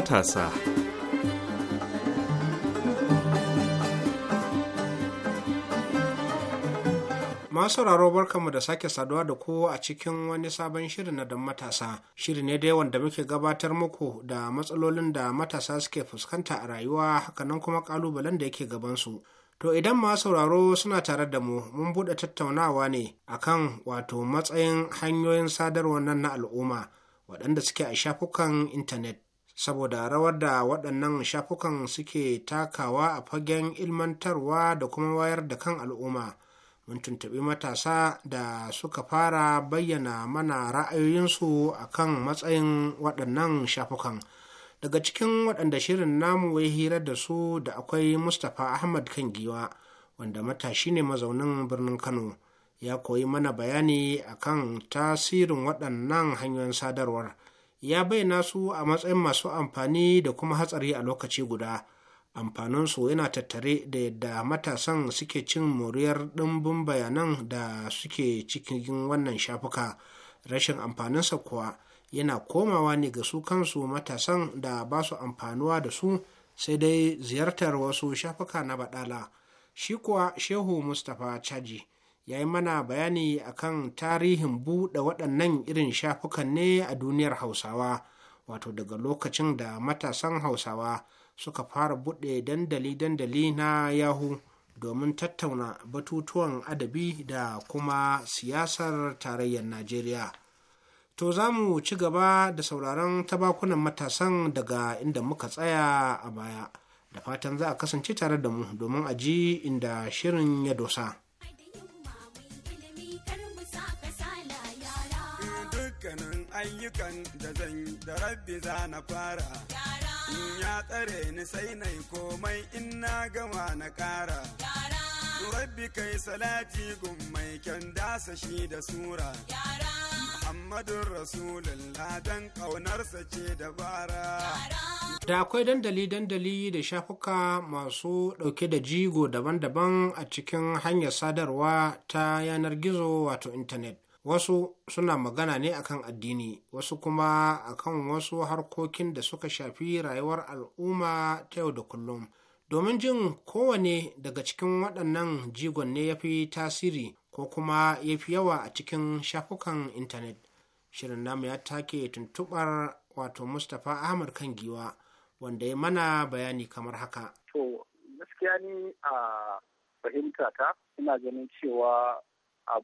matasa. sauraro barkanmu da sake saduwa da ku a cikin wani sabon shirin na don matasa shiri ne dai wanda muke gabatar muku da matsalolin da matasa suke fuskanta a rayuwa hakanan kuma kalubalen da yake gabansu to idan masu sauraro suna tare da mu mun buɗe tattaunawa ne a kan wato matsayin hanyoyin sadarwa nan na al'umma waɗanda suke a shafukan intanet saboda rawar da waɗannan shafukan suke takawa a fagen ilmantarwa da kuma wayar da kan al'umma mun tuntuɓi matasa da suka fara bayyana mana ra'ayoyinsu a kan matsayin waɗannan shafukan daga cikin waɗanda shirin namu ya hira da su da akwai mustapha ahmad kan giwa wanda matashi ne mazaunin birnin kano ya koyi mana bayani akan tasirin waɗannan hanyoyin sadarwar. ya bayyana su a matsayin masu amfani da kuma hatsari a lokaci guda amfaninsu yana tattare da yadda matasan suke cin moriyar ɗimbin bayanan da suke cikin wannan shafuka rashin amfaninsa kuwa yana komawa ne ga su kansu matasan da ba su amfanuwa da su sai dai ziyartar wasu shafuka na baɗala shi kuwa shehu mustapha Chaji. ya yi mana bayani akan tarihin buɗe waɗannan irin shafukan ne a duniyar hausawa wato daga lokacin da matasan hausawa suka fara buɗe dandali-dandali na yahu domin tattauna batutuwan adabi da kuma siyasar tarayyar najeriya to za mu ci gaba da sauraron tabakunan matasan daga inda muka tsaya a baya da fatan za a kasance tare da mu domin a ji inda shirin ya dosa. ayyukan da zan da rabbi za na fara in ya tsare ni sai na komai in na gama na ƙara rabbi kai salati gummai kyan dasa shi da sura Muhammadun rasulun don ƙaunarsa ce da dabara. Da akwai dandali-dandali da shafuka masu ɗauke da jigo daban-daban a cikin hanyar sadarwa ta yanar gizo wato intanet. wasu suna magana ne akan addini wasu kuma akan wasu harkokin da suka shafi rayuwar al'umma ta yau da kullum domin jin kowane daga cikin waɗannan jigon ne ya fi tasiri ko kuma ya fi yawa a cikin shafukan intanet shirin namu ya take tuntubar wato mustapha ahmad kan giwa wanda ya mana bayani kamar haka to gaskiya ni a fahimta ta ina ganin cewa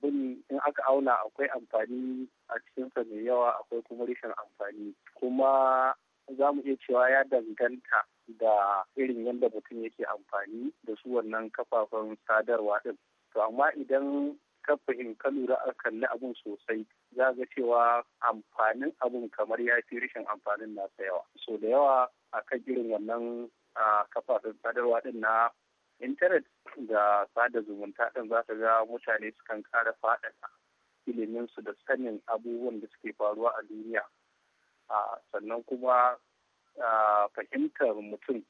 ne in aka auna akwai amfani a cikinsa mai yawa akwai kuma rashin amfani kuma za mu iya cewa ya danganta da irin yadda mutum yake amfani da su wannan kafafen sadarwa ɗin to amma idan ka fahimta lura a kalli abun sosai za ga cewa amfanin abun kamar ya fi rashin amfanin nasa yawa so da yawa a kan irin wannan kafafen sadarwa ɗin na intanet da sada zumunta ɗin za ka ga mutane sukan ƙara faɗaɗa iliminsu da sanin abubuwan da suke faruwa a duniya sannan kuma fahimtar mutum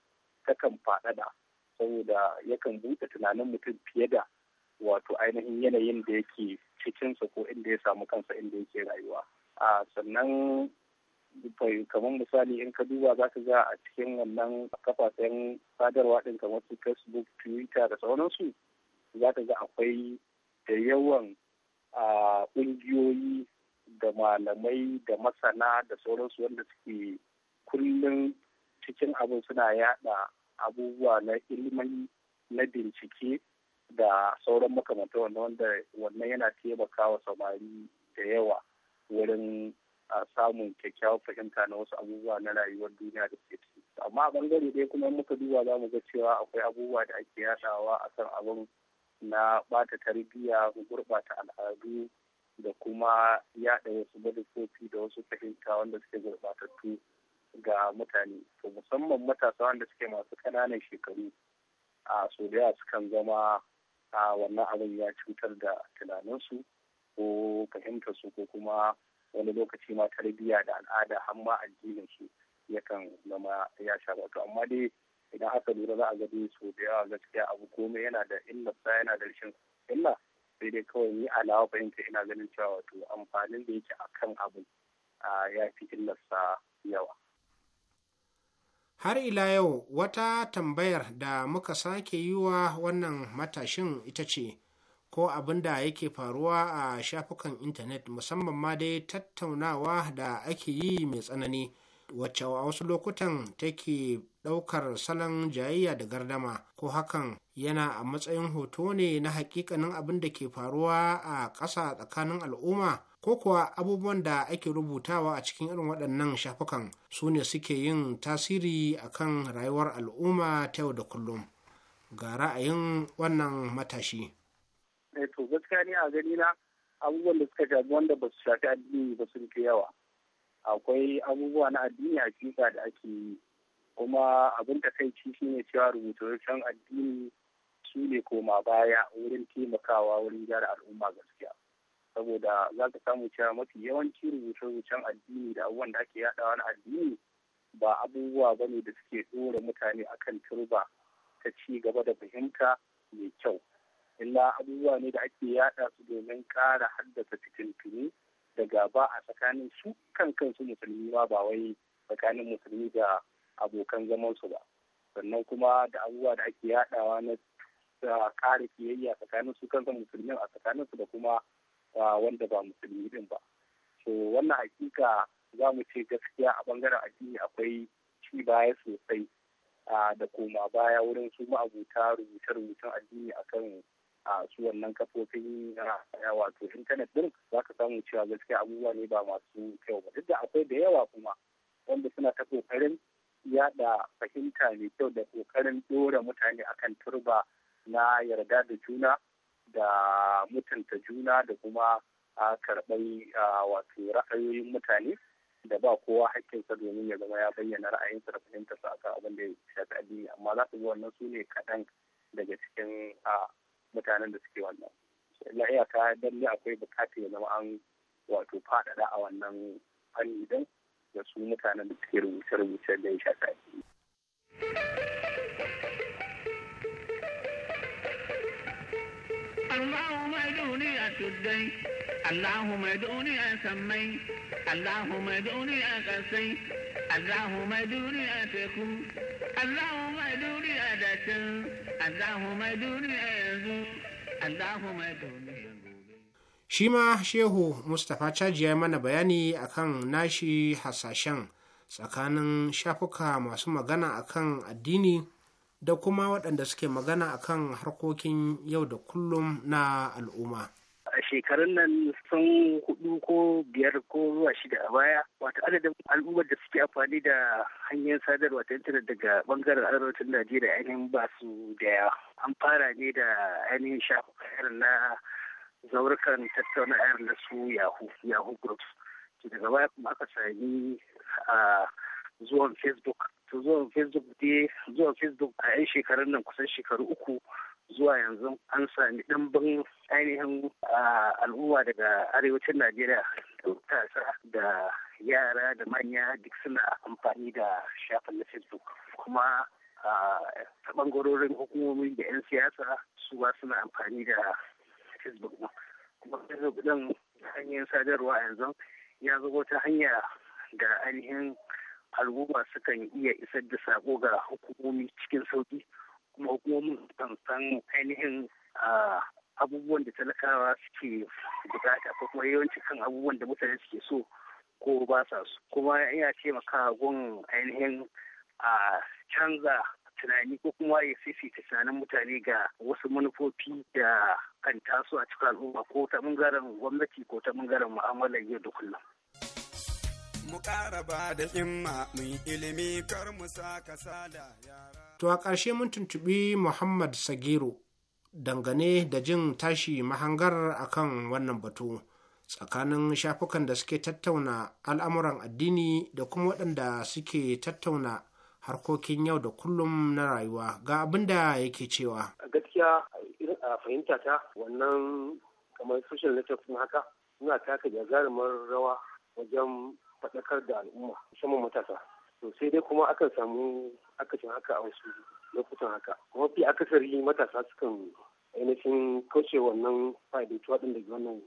takan faɗaɗa saboda yakan buɗe tunanin mutum fiye da wato ainihin yanayin da yake cikinsa ko inda ya samu kansa inda yake rayuwa sannan kamar misali in ka duba za ka ga a cikin wannan kafafen sadarwa ɗin kamar su facebook twitter da sauransu za ka ga akwai da yawan ƙungiyoyi da malamai da masana da sauransu wanda suke kullum cikin abin suna yada abubuwa na ilimin na bincike da sauran makamantar wanda wannan yana taimakawa samari da yawa wurin a samun kyakkyawar fahimta na wasu abubuwa na rayuwar duniya da ke ciki amma a bangare dai kuma muka duba za mu ga cewa akwai abubuwa da ake yadawa a kan abin na bata tarbiyya gurɓata al'adu da kuma yada wasu madafofi da wasu fahimta wanda suke gurɓatattu ga mutane to musamman matasa wanda suke masu ƙananan shekaru a sodaya sukan zama a wannan abin ya cutar da tunaninsu ko su, ko kuma wani lokaci ma tarbiyya da al'ada har ma addinin shi yakan zama ya sha wato amma dai idan aka lura za a ga dai so da yawa gaskiya abu komai yana da illa yana da rashin illa sai dai kawai ni alawa fahimta ina ganin cewa wato amfanin da yake akan abu ya fi illarsa yawa. Har ila yau wata tambayar da muka sake yi wa wannan matashin ita ce, ko abin da yake faruwa a shafukan intanet musamman ma dai tattaunawa da ake yi mai tsanani wacce a wasu lokutan take ɗaukar salon jayayya da gardama ko hakan yana a matsayin hoto ne na hakikanin abin da ke faruwa a ƙasa tsakanin al'umma ko kuwa abubuwan da ake rubutawa a cikin irin waɗannan shafukan su ne suke yin tasiri akan rayuwar al'umma ta yau da kullum ga ra'ayin wannan matashi Eh, to gaskiya ne a gani na abubuwan da suka shafi wanda ba su shafi addini ba sun fi yawa akwai abubuwa na addini a hakika da ake yi kuma abin da kai ci shine cewa rubutaccen addini su ne koma baya wurin taimakawa wurin gyara al'umma gaskiya saboda za ka samu cewa mafi yawanci rubuce-rubucen addini da abubuwan da ake yaɗawa na addini ba abubuwa ba ne da suke ɗora mutane akan turba ta ci gaba da fahimta mai kyau illa abubuwa ne da ake yada su domin ƙara haddasa fitintuni da gaba a tsakanin su kan kansu musulmi ma ba wai tsakanin musulmi da abokan zamansu ba sannan kuma da abubuwa da ake yadawa na kare kiyayya tsakanin su kansu musulmi a tsakanin su da kuma wanda ba musulmi din ba so wannan hakika za mu ce gaskiya a bangaren addini akwai ci baya sosai da koma baya wurin su ma'abuta rubuce-rubucen addini akan a su wannan kafofin eh, wato intanet din za ka samu cewa gaskiya abubuwa ne ba masu kyau ba duk da akwai da yawa kuma wanda suna ta kokarin yada fahimta mai kyau da kokarin dora mutane akan turba na yarda da juna da mutunta juna da kuma karɓar wato ra'ayoyin mutane da ba kowa hakkinsa domin ya zama ya bayyana ra'ayinsa da fahimtarsa akan abin da ya shafi addini amma za su ga wannan su ne kaɗan daga cikin mutanen da suke wannan illa iyaka dalle akwai bukatar ya zama an wato faɗaɗa a wannan fanni don da su mutanen da suke rubuce-rubuce da ya shafa Allahumma duniya tuddai اللهم ادعوني أسمي اللهم ادعوني أقصي اللهم ادعوني أتكو اللهم ادعوني أدتن اللهم ادعوني أيزو اللهم ادعوني Shi ma Shehu Mustapha Caji ya mana bayani akan nashi hasashen tsakanin shafuka masu magana akan addini da kuma waɗanda suke magana akan harkokin yau da kullum na al'umma. a shekarun nan sun hudu ko biyar ko zuwa shida a baya Wata adadin al'ummar da suke amfani da hanyar sadarwa ta intanet daga bangaren arewacin najeriya ainihin ba su da yawa an fara ne da ainihin shafukan na zaurukan tattauna ayar na su yahoo groups to daga baya kuma aka sami a zuwan facebook to zuwan zuwan facebook a yan shekarun nan kusan shekaru uku zuwa yanzu an sami ɗimbin ainihin al'umma daga arewacin najeriya matasa da yara da manya duk suna amfani da shafin na facebook kuma ta ɓangarorin hukumomi da 'yan siyasa su ba suna amfani da facebook kuma facebook ɗin hanyar sadarwa yanzu ya zama ta hanya da ainihin al'umma sukan iya isar da sako ga hukumomi cikin sauki kuma hukumomin kan san ainihin ah, abubuwan da talakawa suke bukata ko kuma yawanci kan abubuwan da mutane suke so ko ba sa su kuma ce taimaka gun ainihin a ah, canza tunani ko kuma ya fifita tunanin mutane ga wasu manufofi da kan taso a cikin al'umma ko ta bangaren gwamnati ko ta bangaren mu'amalar yau da kullum. Mu ƙara ba da himma mu ilimi kar mu sa sada yara. To a ƙarshe mun tuntuɓi Muhammad Sagiru dangane da jin tashi mahangar akan wannan batu tsakanin shafukan da suke tattauna al'amuran addini da kuma waɗanda suke tattauna harkokin yau da kullum na rayuwa ga abin da yake cewa. Gaskiya a fahimta ta wannan kamar social network networks haka suna taka jagarumar rawa wajen faɗakar da al'umma musamman matasa. To sai dai kuma akan samu akasin haka a wasu lokutan haka mafi akasari matasa sukan ainihin kauce wannan tuwa ɗin ke wannan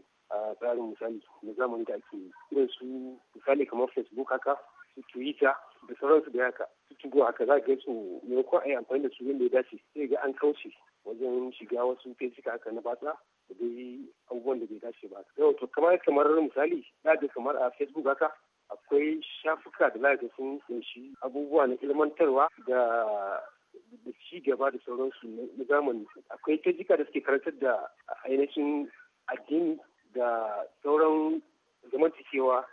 tsarin misali na zamani da ake irin su misali kamar facebook haka su twitter da sauransu da haka su tugo haka za ga su maimakon a yi amfani da su yadda ya dace sai ga an kauce wajen shiga wasu fesuka haka na batsa da dai abubuwan da bai dace ba yau to kamar kamar misali za ga kamar a facebook haka akwai shafuka da za sun kunshi abubuwa na ilmantarwa da da ci gaba da sauransu na zamani akwai tajika da suke karantar da ainihin addini da sauran zamantakewa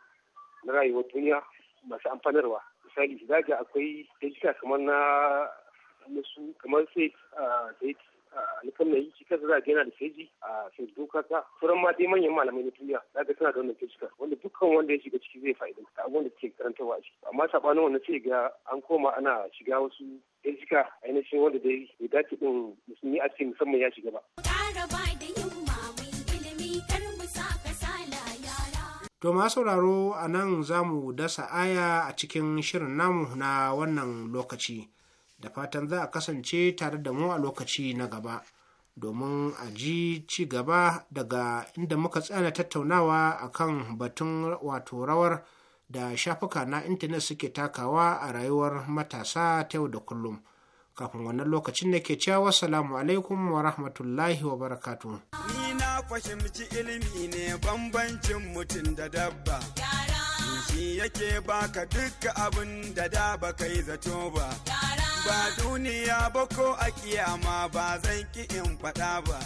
na rayuwar duniya masu amfanarwa misali zaga akwai tajika kamar na su kamar sai alifan yi shi kansa za a gina da feji a facebook haka sauran ma dai manyan malamai na duniya za ga tana da wannan feji wanda dukkan wanda ya shiga ciki zai fa'ida ta abin da ke wa shi amma sabanin wannan ce ga an koma ana shiga wasu ejika ainihin wanda dai bai dace din musulmi a ce musamman ya shiga ba. To ma sauraro a nan za mu dasa aya a cikin shirin namu na wannan lokaci. da fatan za a kasance tare da mu a lokaci na gaba domin a ji ci gaba daga inda muka tsana tattaunawa a kan batun wato rawar da shafuka na intanet suke takawa a rayuwar matasa ta yau da kullum kafin wannan lokacin da ke cewa salamu alaikum wa rahmatullahi wa barakatu. Ni na fahimci ilimi ne bambancin mutum da dabba. Shi yake baka duka abin da da baka yi zato ba. ba duniya ba ko a kiyama ba zan ki in faɗa ba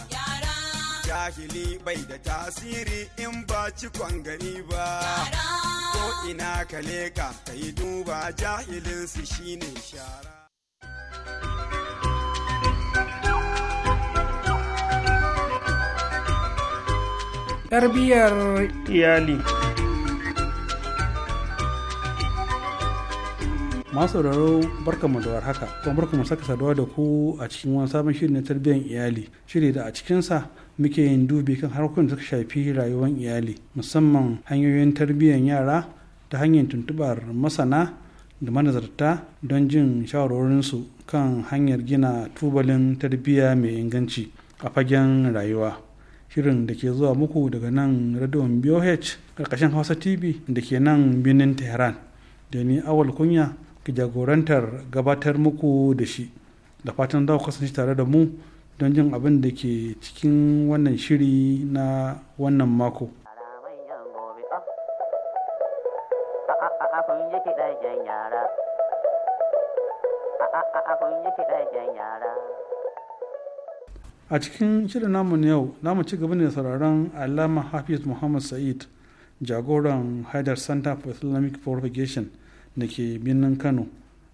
jahili bai da tasiri in ba cikon gari ba ko ina ka leka ka yi duba jahilinsu shine shara tarbiyyar iyali. masu sauraro barkanmu da haka kuma barka mu saka saduwa da ku a cikin wani sabon shirin na tarbiyyar iyali shiri da a cikinsa muke yin dubi kan harkokin da suka shafi rayuwar iyali musamman hanyoyin tarbiyyar yara ta hanyar tuntubar masana da manazarta don jin shawarorinsu kan hanyar gina tubalin tarbiyya mai inganci a fagen rayuwa shirin da ke zuwa muku daga nan radon boh karkashin hausa tv da ke nan birnin tehran da ni awal kunya ki jagorantar gabatar muku da shi da fatan za ku kasance tare da mu don jin abin da ke cikin wannan shiri na wannan mako. a cikin shirin namu na yau namu ci gaba ne da sauraron alama hafiz muhammad sa'id jagoran haidar center for islamic propagation da ke birnin kano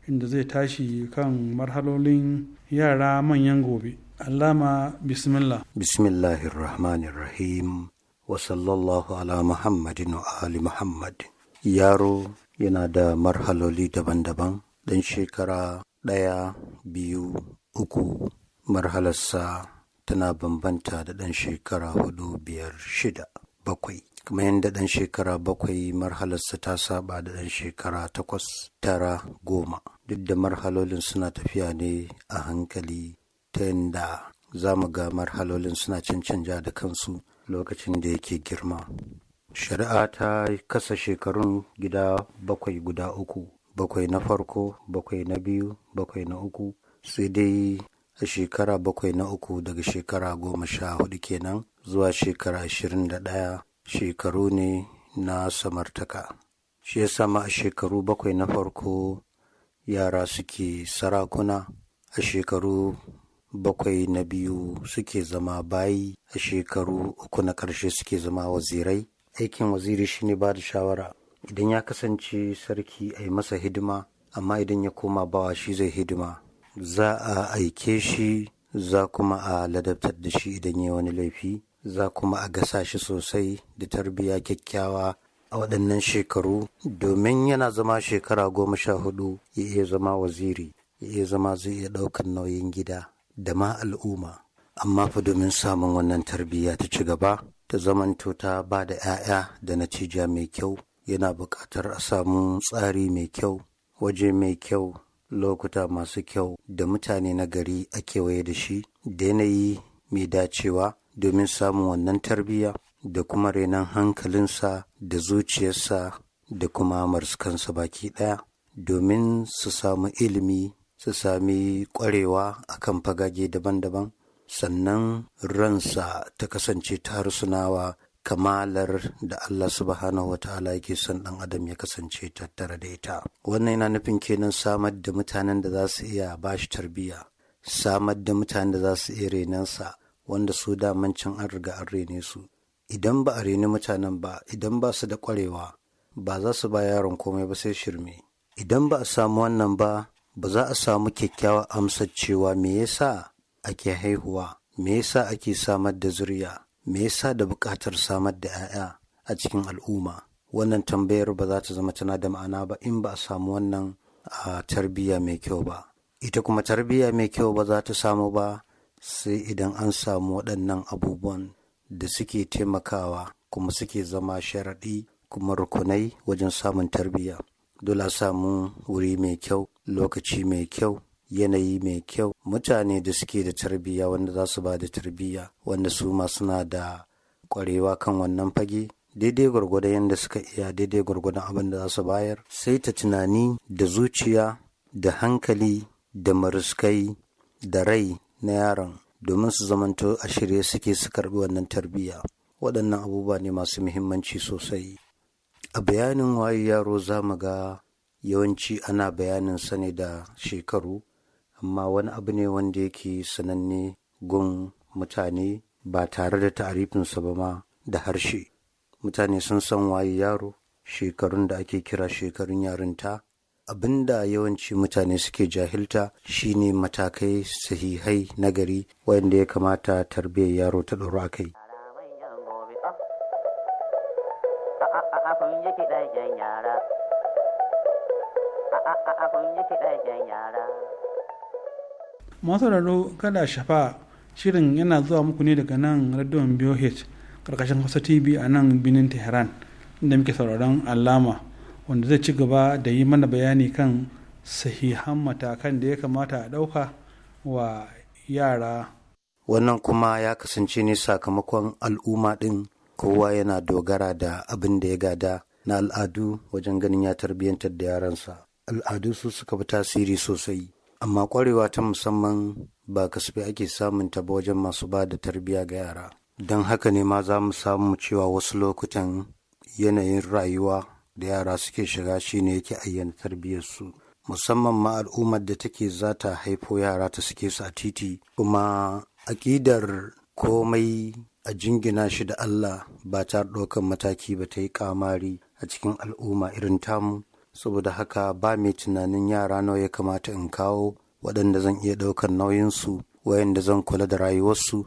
inda zai tashi kan marhalolin yara manyan gobe allama bismillah bismillahirrahmanirrahim wa sallallahu ala muhammadin wa ali muhammad yaro yana da marhaloli daban-daban ɗan shekara ɗaya biyu uku marhalarsa tana bambanta da ɗan shekara hudu biyar shida bakwai kamar yadda ɗan shekara bakwai marhalarsa ta saba da ɗan shekara takwas tara goma duk da marhalolin suna tafiya ne a hankali ta yadda za mu ga marhalolin suna cancanja da kansu lokacin da yake girma shari'a ta kasa shekarun gida bakwai guda uku bakwai na farko bakwai na biyu bakwai na uku sai dai a shekara bakwai na uku daga shekara goma sha hudu kenan zuwa shekara ashirin da ɗaya shekaru ne na samartaka shi ya sama a shekaru bakwai na farko yara suke sarakuna a shekaru bakwai na biyu suke zama bayi a shekaru uku na ƙarshe suke zama wazirai aikin waziri shine ba da shawara idan ya kasance sarki a yi masa hidima amma idan ya koma bawa shi zai hidima za a aike shi za kuma a ladabtar da shi idan ya wani laifi za kuma a gasa shi sosai da tarbiyya kyakkyawa a waɗannan shekaru domin yana zama shekara goma sha hudu ya iya zama waziri ya iya zama zai iya ɗaukan nauyin gida da ma al'umma amma fa domin samun wannan tarbiyya ta ci gaba ta zamanto ta ba da 'ya'ya da natija mai kyau yana buƙatar a samu tsari mai kyau waje mai kyau lokuta masu kyau da mutane na gari a kewaye da shi da yanayi mai dacewa domin samun wannan tarbiyya da kuma renon hankalinsa da zuciyarsa da kuma marskansa baki ɗaya domin su samu ilimi su sami ƙwarewa a kan fagage daban-daban sannan ransa ta kasance ta harsunawa kamalar da Allah subhanahu ta'ala yake son ɗan adam ya kasance tattara da ita wannan yana nufin kenan samar da mutanen da za su iya bashi tarbiyya samar da mutanen da za su iya renansa wanda su daman can an riga an rene su idan ba a reni mutanen ba idan ba su da kwarewa ba za su ba yaron komai ba sai shirme idan ba a samu wannan ba ba za a samu kyakkyawa amsar cewa me yasa ake haihuwa me yasa ake samar da zuriya me yasa da buƙatar samar da 'ya'ya a cikin al'umma wannan tambayar ba za ta zama tana da ma'ana ba in ba a samu wannan a ah, tarbiyya mai kyau ba ita kuma tarbiyya mai kyau ba za ta samu ba sai idan an samu waɗannan abubuwan da suke taimakawa kuma suke zama sharaɗi kuma rukunai wajen samun tarbiyya dole a samu wuri mai kyau lokaci mai kyau yanayi mai kyau mutane da suke da tarbiyya wanda za su ba da tarbiyya wanda su ma suna da ƙwarewa kan wannan fage daidai gwargwadon yadda suka iya daidai gwargwadon abin da za su bayar sai ta tunani da zuciya da hankali da maruskai da rai na yaron domin su zamanto a shirye suke su karɓi wannan tarbiyya waɗannan abubuwa ne masu muhimmanci sosai a bayanin waye yaro za mu ga yawanci ana bayanin sa da shekaru amma wani abu ne wanda yake sananne gun mutane ba tare da ta'arifinsa ba ma da harshe mutane sun san waye yaro shekarun da ake kira shekarun yarinta abinda yawanci mutane suke jahilta shine matakai sahihai nagari gari wanda ya kamata tarbiyyar yaro ta ɗoro a kai. masararo kada shafa shirin yana zuwa muku ne daga nan biyu BOH karkashin Hausa TV a nan binin Tehran inda muke sauraron alama wanda zai ci gaba da yi mana bayani kan sahihan matakan da ya kamata a ɗauka wa yara wannan kuma ya kasance ne sakamakon al'umma ɗin kowa yana dogara da abin da ya gada na al'adu wajen ganin ya tarbiyyantar da yaransa al'adu su suka fi tasiri sosai amma kwarewa ta musamman ba kasafi ake samun ta wajen masu ba da tarbiyya ga yara don haka ne ma za mu samu cewa wasu lokutan yanayin rayuwa da yara suke shiga shine yake ayyana tarbiyyarsu musamman ma al'ummar da take za ta haifo yara ta suke su a titi kuma aƙidar komai a jingina shi da Allah ba ta ɗaukan mataki ba ta yi ƙamari a cikin al'umma irin tamu saboda haka ba mai tunanin yara nawa ya kamata in kawo waɗanda zan iya ɗaukar nauyinsu wayanda zan kula da rayuwarsu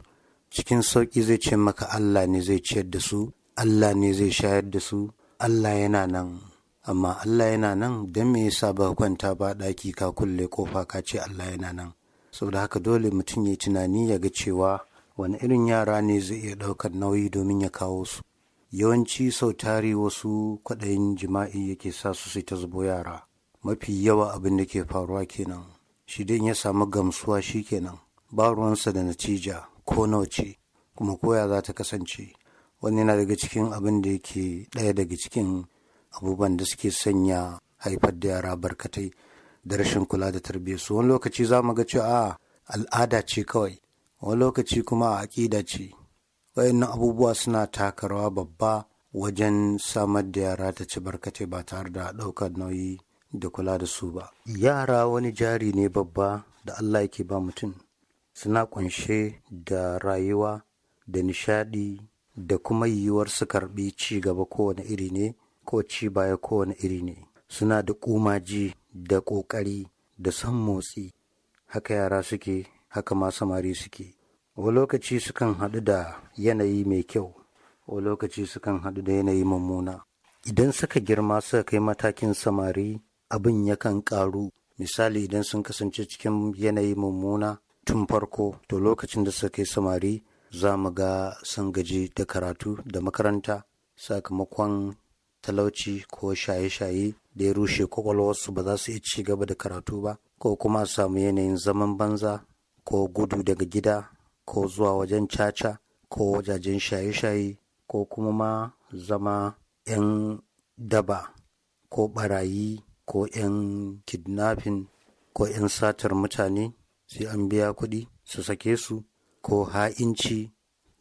cikin sauƙi zai ce maka Allah ne zai ciyar da su Allah ne zai shayar da su Allah yana nan amma Allah yana nan don me yasa ba kwanta ba ɗaki ka kulle kofa ka ce Allah yana nan saboda haka dole mutum ya tunani ya ga cewa wani irin yara ne zai iya ɗaukar nauyi domin ya kawo su yawanci sau tari wasu kwaɗayin jima'i yake sa su sai ta zubo yara mafi yawa abin da ke faruwa kenan shi dai ya samu gamsuwa shi kenan ba ruwansa da natija ko nawa ce kuma koya za ta kasance wani yana daga cikin abin da yake ɗaya daga cikin abubuwan da suke sanya haifar da yara barkatai da rashin kula da tarbiyya su wani lokaci za mu ga cewa al'ada ce kawai wani lokaci kuma a aƙida ce wayannan abubuwa suna taka rawa babba wajen samar da yara ta ci barkatai ba tare da ɗaukar nauyi da kula da su ba yara wani jari ne babba da allah yake ba mutum suna ƙunshe da rayuwa da nishaɗi da kuma yiwuwar su karbi ci gaba kowane iri ne ko ci baya kowane iri ne suna da kumaji da ƙoƙari da son motsi haka yara suke haka ma samari suke Wa lokaci sukan haɗu da yanayi mai kyau Wa lokaci sukan haɗu da yanayi mummuna idan suka girma suka kai matakin samari abin yakan ƙaru misali idan sun kasance cikin yanayi mummuna tun farko to lokacin da suka kai samari za mu ga sun gaji da karatu da makaranta sakamakon talauci ko shaye-shaye da ya rushe kwakwalwarsu ba za su ci gaba da karatu ba ko kuma samu yanayin zaman banza ko gudu daga gida ko zuwa wajen caca ko wajajen shaye-shaye ko kuma ma zama 'yan daba ko barayi ko 'yan kidnapping ko 'yan satar mutane sai an biya kuɗi su sake su ko ha'inci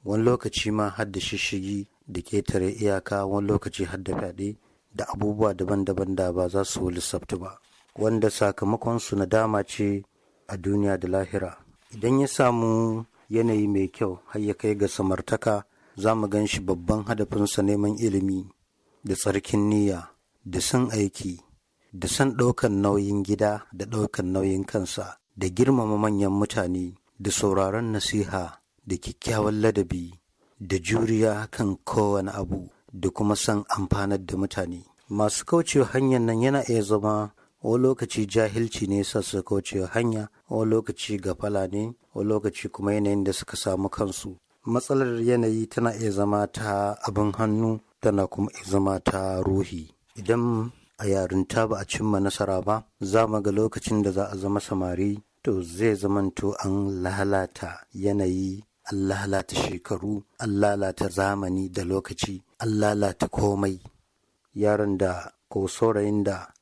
wani lokaci ma har da shishigi da ketare iyaka wani lokaci har da fyaɗe da abubuwa daban-daban da ba za su lissafta ba wanda sakamakonsu dama ce a duniya da lahira idan ya samu yanayi mai kyau har ya kai ga samartaka za mu gan shi babban hadafinsa neman ilimi da tsarkin niyya da san aiki da san ɗaukan nauyin gida da ɗaukan nauyin kansa da girmama manyan mutane da sauraron nasiha da kyakkyawan ladabi da juriya kan kowane abu da kuma san amfanar da mutane masu kaucewa hanyar nan yana iya zama o lokaci jahilci ne sa su kaucewa hanya wa lokaci gafala ne o lokaci kuma yanayin da suka samu kansu matsalar yanayi tana iya zama ta abin hannu tana kuma iya zama ta ruhi idan a yarinta ba a cimma nasara ba za mu ga lokacin da za a zama samari to zai zamanto an lalata yanayi an lalata shekaru an lalata zamani da lokaci an lalata komai yaron da ko saurayin da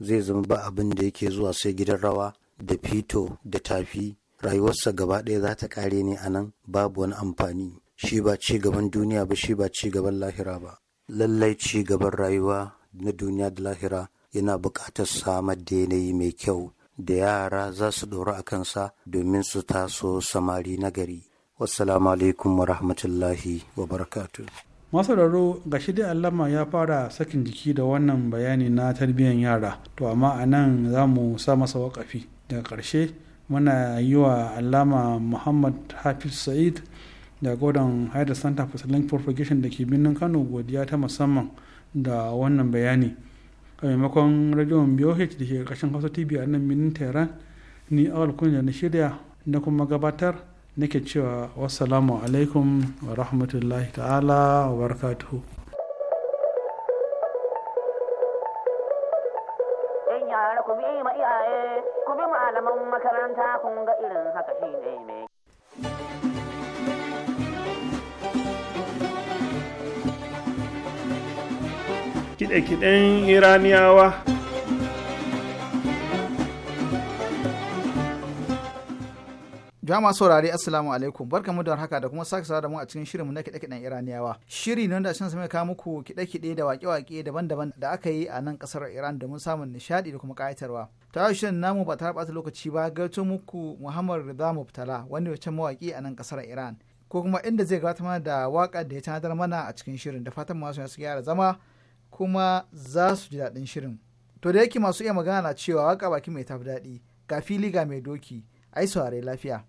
zai zama ba abin da yake zuwa sai gidan rawa da fito da tafi rayuwarsa gaba ɗaya za ta ƙare ne a nan babu wani amfani shi ba ci gaban duniya ba shi ba ci gaban lahira ba lallai ci gaban rayuwa na duniya da lahira yana buƙatar samar da yanayi mai kyau da yara za su ɗora a kansa domin su taso samari nagari. Wassalamu alaikum wa rahmatullahi wa barakatu. raro ga shi dai allama ya fara sakin jiki da wannan bayani na tarbiyyar yara to amma a nan za mu sa masa wakafi daga ƙarshe muna yi wa allama muhammad hafiz sa'id da gordon haida santa for propagation da ke birnin kano godiya ta musamman da wannan bayani a maimakon radiyon BOH da ke ƙarshen Hausa TV a nan minin Tehran ni awal kunya na shirya na kuma gabatar nake cewa wassalamu alaikum wa rahmatullahi ta'ala wa barakatuhu. malaman makaranta kun ga kiɗe-kiɗen iraniyawa Jama'a saurari Assalamu alaikum mu da haka da kuma sake sawa da mu a cikin shirinmu na kiɗe-kiɗen Iraniyawa. Shiri ne wanda shan mai muku kiɗe-kiɗe da waƙe-waƙe daban-daban da aka yi a nan ƙasar Iran domin samun nishaɗi da kuma ƙayatarwa. Ta yau shirin namu ba ta ɓata lokaci ba gaito muku Muhammad Rida Mubtala wani wacce mawaki a nan ƙasar Iran. Ko kuma inda zai gabatar mana da waƙa da ya tanadar mana a cikin shirin da fatan masu yara gyara zama kuma za su ji daɗin shirin. To da yake masu iya magana na cewa waka baki mai tafi daɗi ga fili ga mai doki ai saurare lafiya.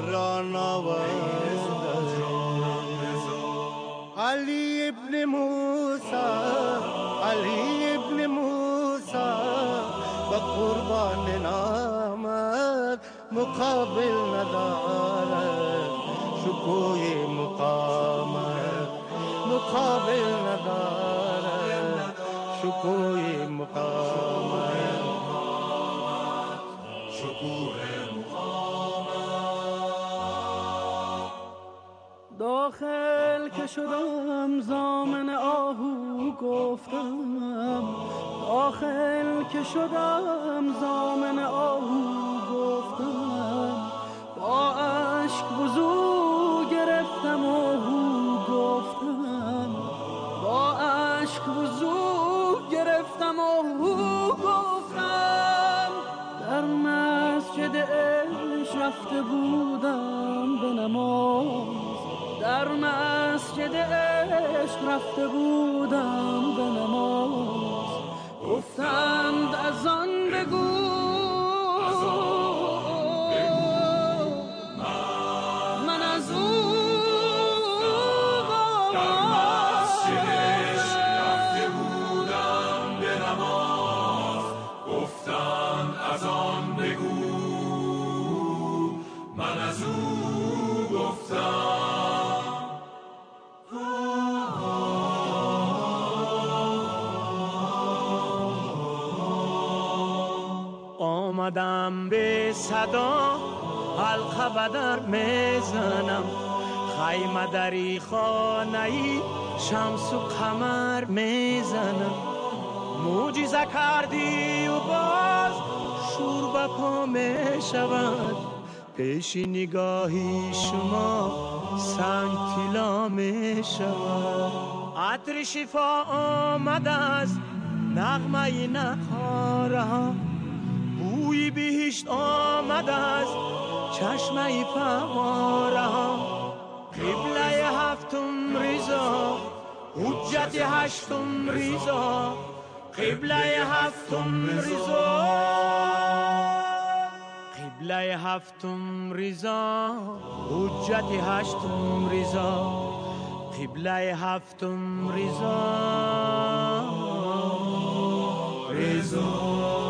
Ranava Ali ibn Musa Ali ibn Musa بقربان نامت مقابل ندارد شکوی مقامت مقابل ندارد شکوی مقامت شکوی شدم زامن آهو گفتم داخل که شدم زامن آهو گفتم با عشق بزو گرفتم آهو گفتم با عشق بزو گرفتم آهو گفتم در مسجد عشق رفته بودم به نماز در مسجد عشق رفته بودم به نماز گفتند از آن آمدم به صدا حلقه بدر میزنم خیمه دری خانه شمس و قمر میزنم موجیزه کردی و باز شور به پا میشود پیش نگاهی شما سنگ تیلا میشود عطر شفا آمده است نغمه نخاره بوی بهشت آمده از چشمه فواره قبله هفتم ریزا حجت هشتم ریزا قبله هفتم ریزا قبله هفتم ریزا حجت هشتم ریزا قبله هفتم ریزا ریزا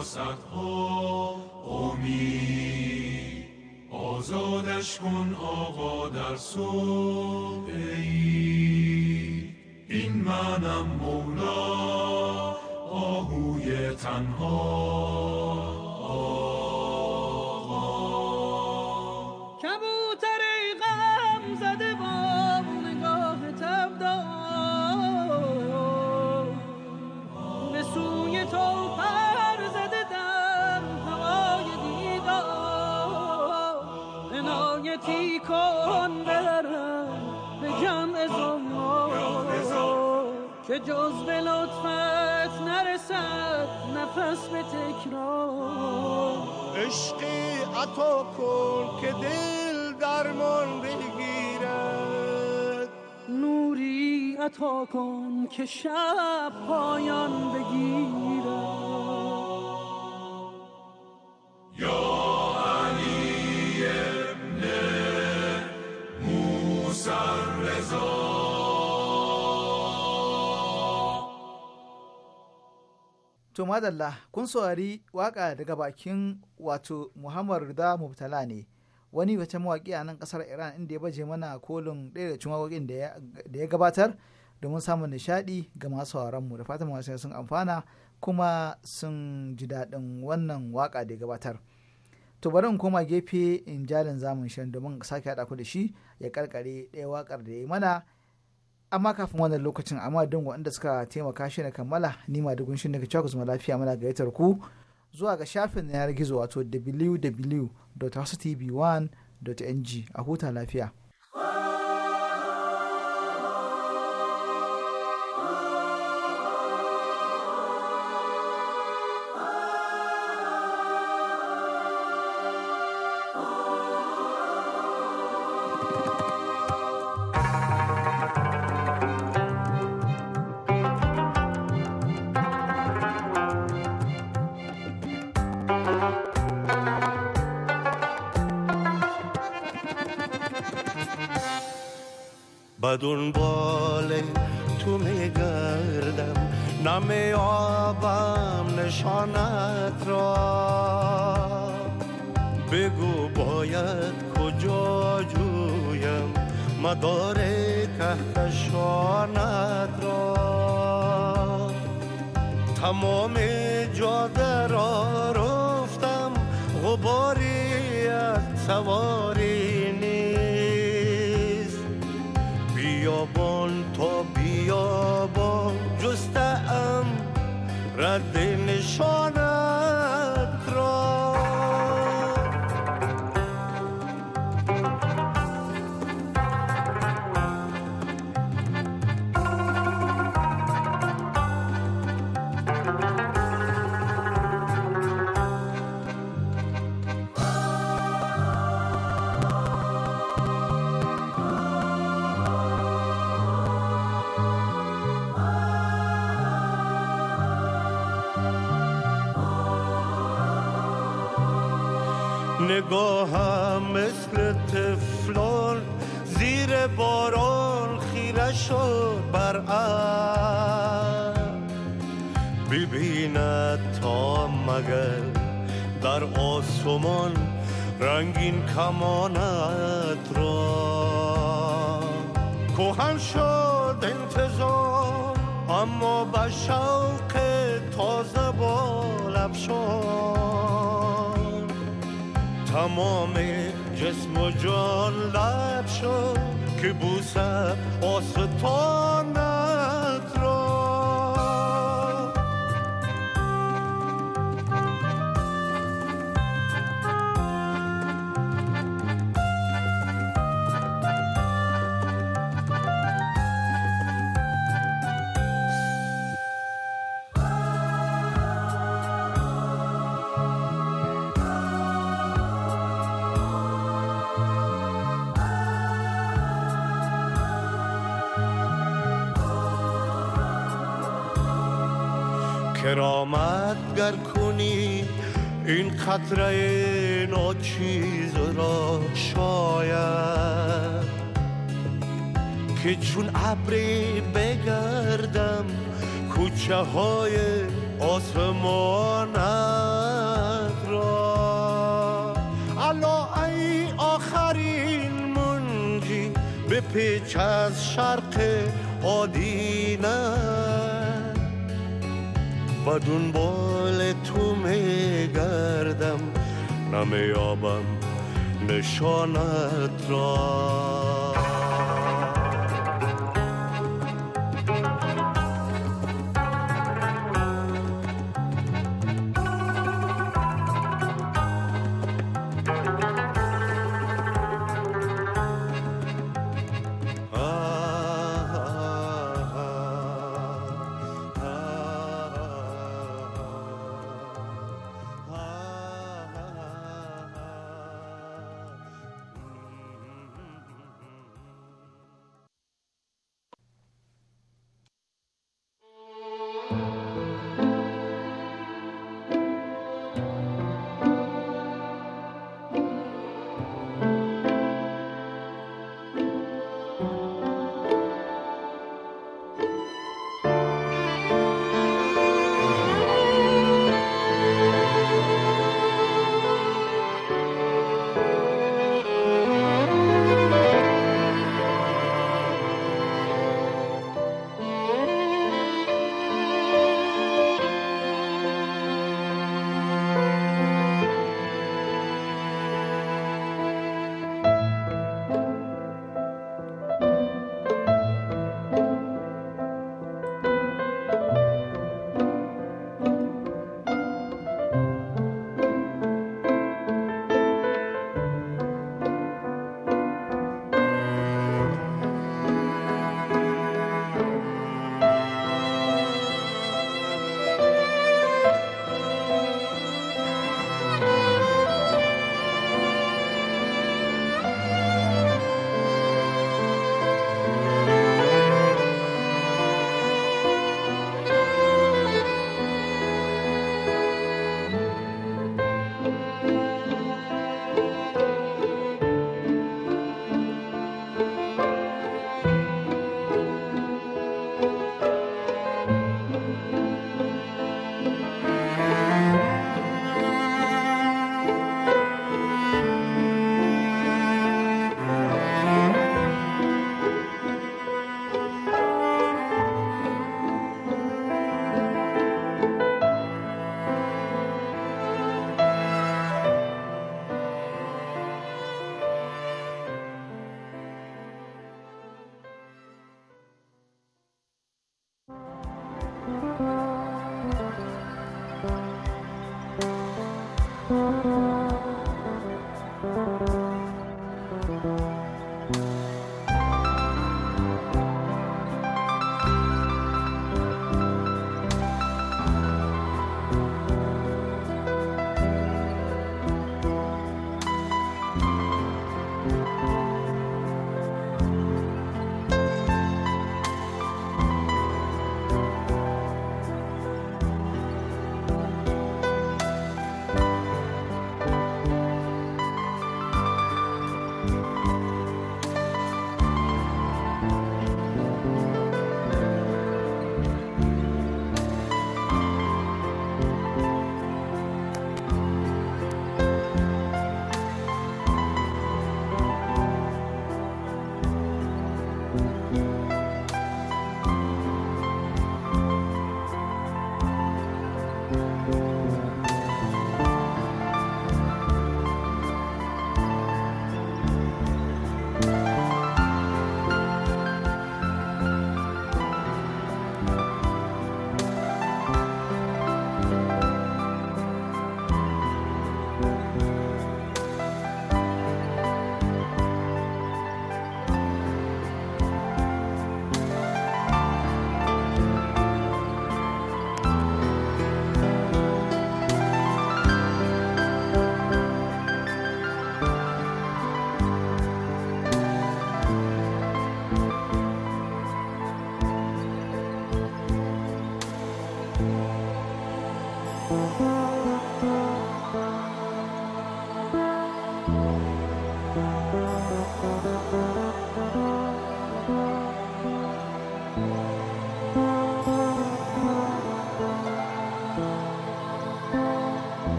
تا ها امید آزادش کن آقا در صبح ای این منم مولا آهوی تنها که جز به لطفت نرسد نفس به تکرار عشقی عطا کن که دل درمان بگیرد نوری عطا کن که شب پایان بگیرد To madalla kun saurari waka daga bakin wato Muhammad Rida Mubtala ne wani wata mawaƙi a nan kasar Iran inda ya baje mana kolin ɗaya da cikin waƙoƙin da ya gabatar domin samun nishaɗi ga masu mu da fatan masu sun amfana kuma sun ji daɗin wannan waka da ya gabatar. To bari in koma gefe in jalin zamun shirin domin sake haɗa ku da shi ya karkare ɗaya wakar da ya yi mana amma kafin wannan lokacin amma don waɗanda suka taimaka shi na kammala ni ma dugun shi daga cakus ma lafiya mana gayyatar ku zuwa ga shafin na yanar gizo wato www.housetv1.ng a huta lafiya. مدار تحت را تمام جاده را رفتم غباری از سواری نیست بیابان تا بیابان جستم رد نشانم شد بر ببیند تا مگر در آسمان رنگین کمانت را کوهن شد انتظار اما به شوق تازه با شد تمام جسم و جان لب شد 却不舍，我是多难。خطره این را شاید که چون ابری بگردم کوچه های آسمانت را الا ای آخرین منجی به پیچ از شرق آدینه با دنبال تو میگردم نمیابم نشانت را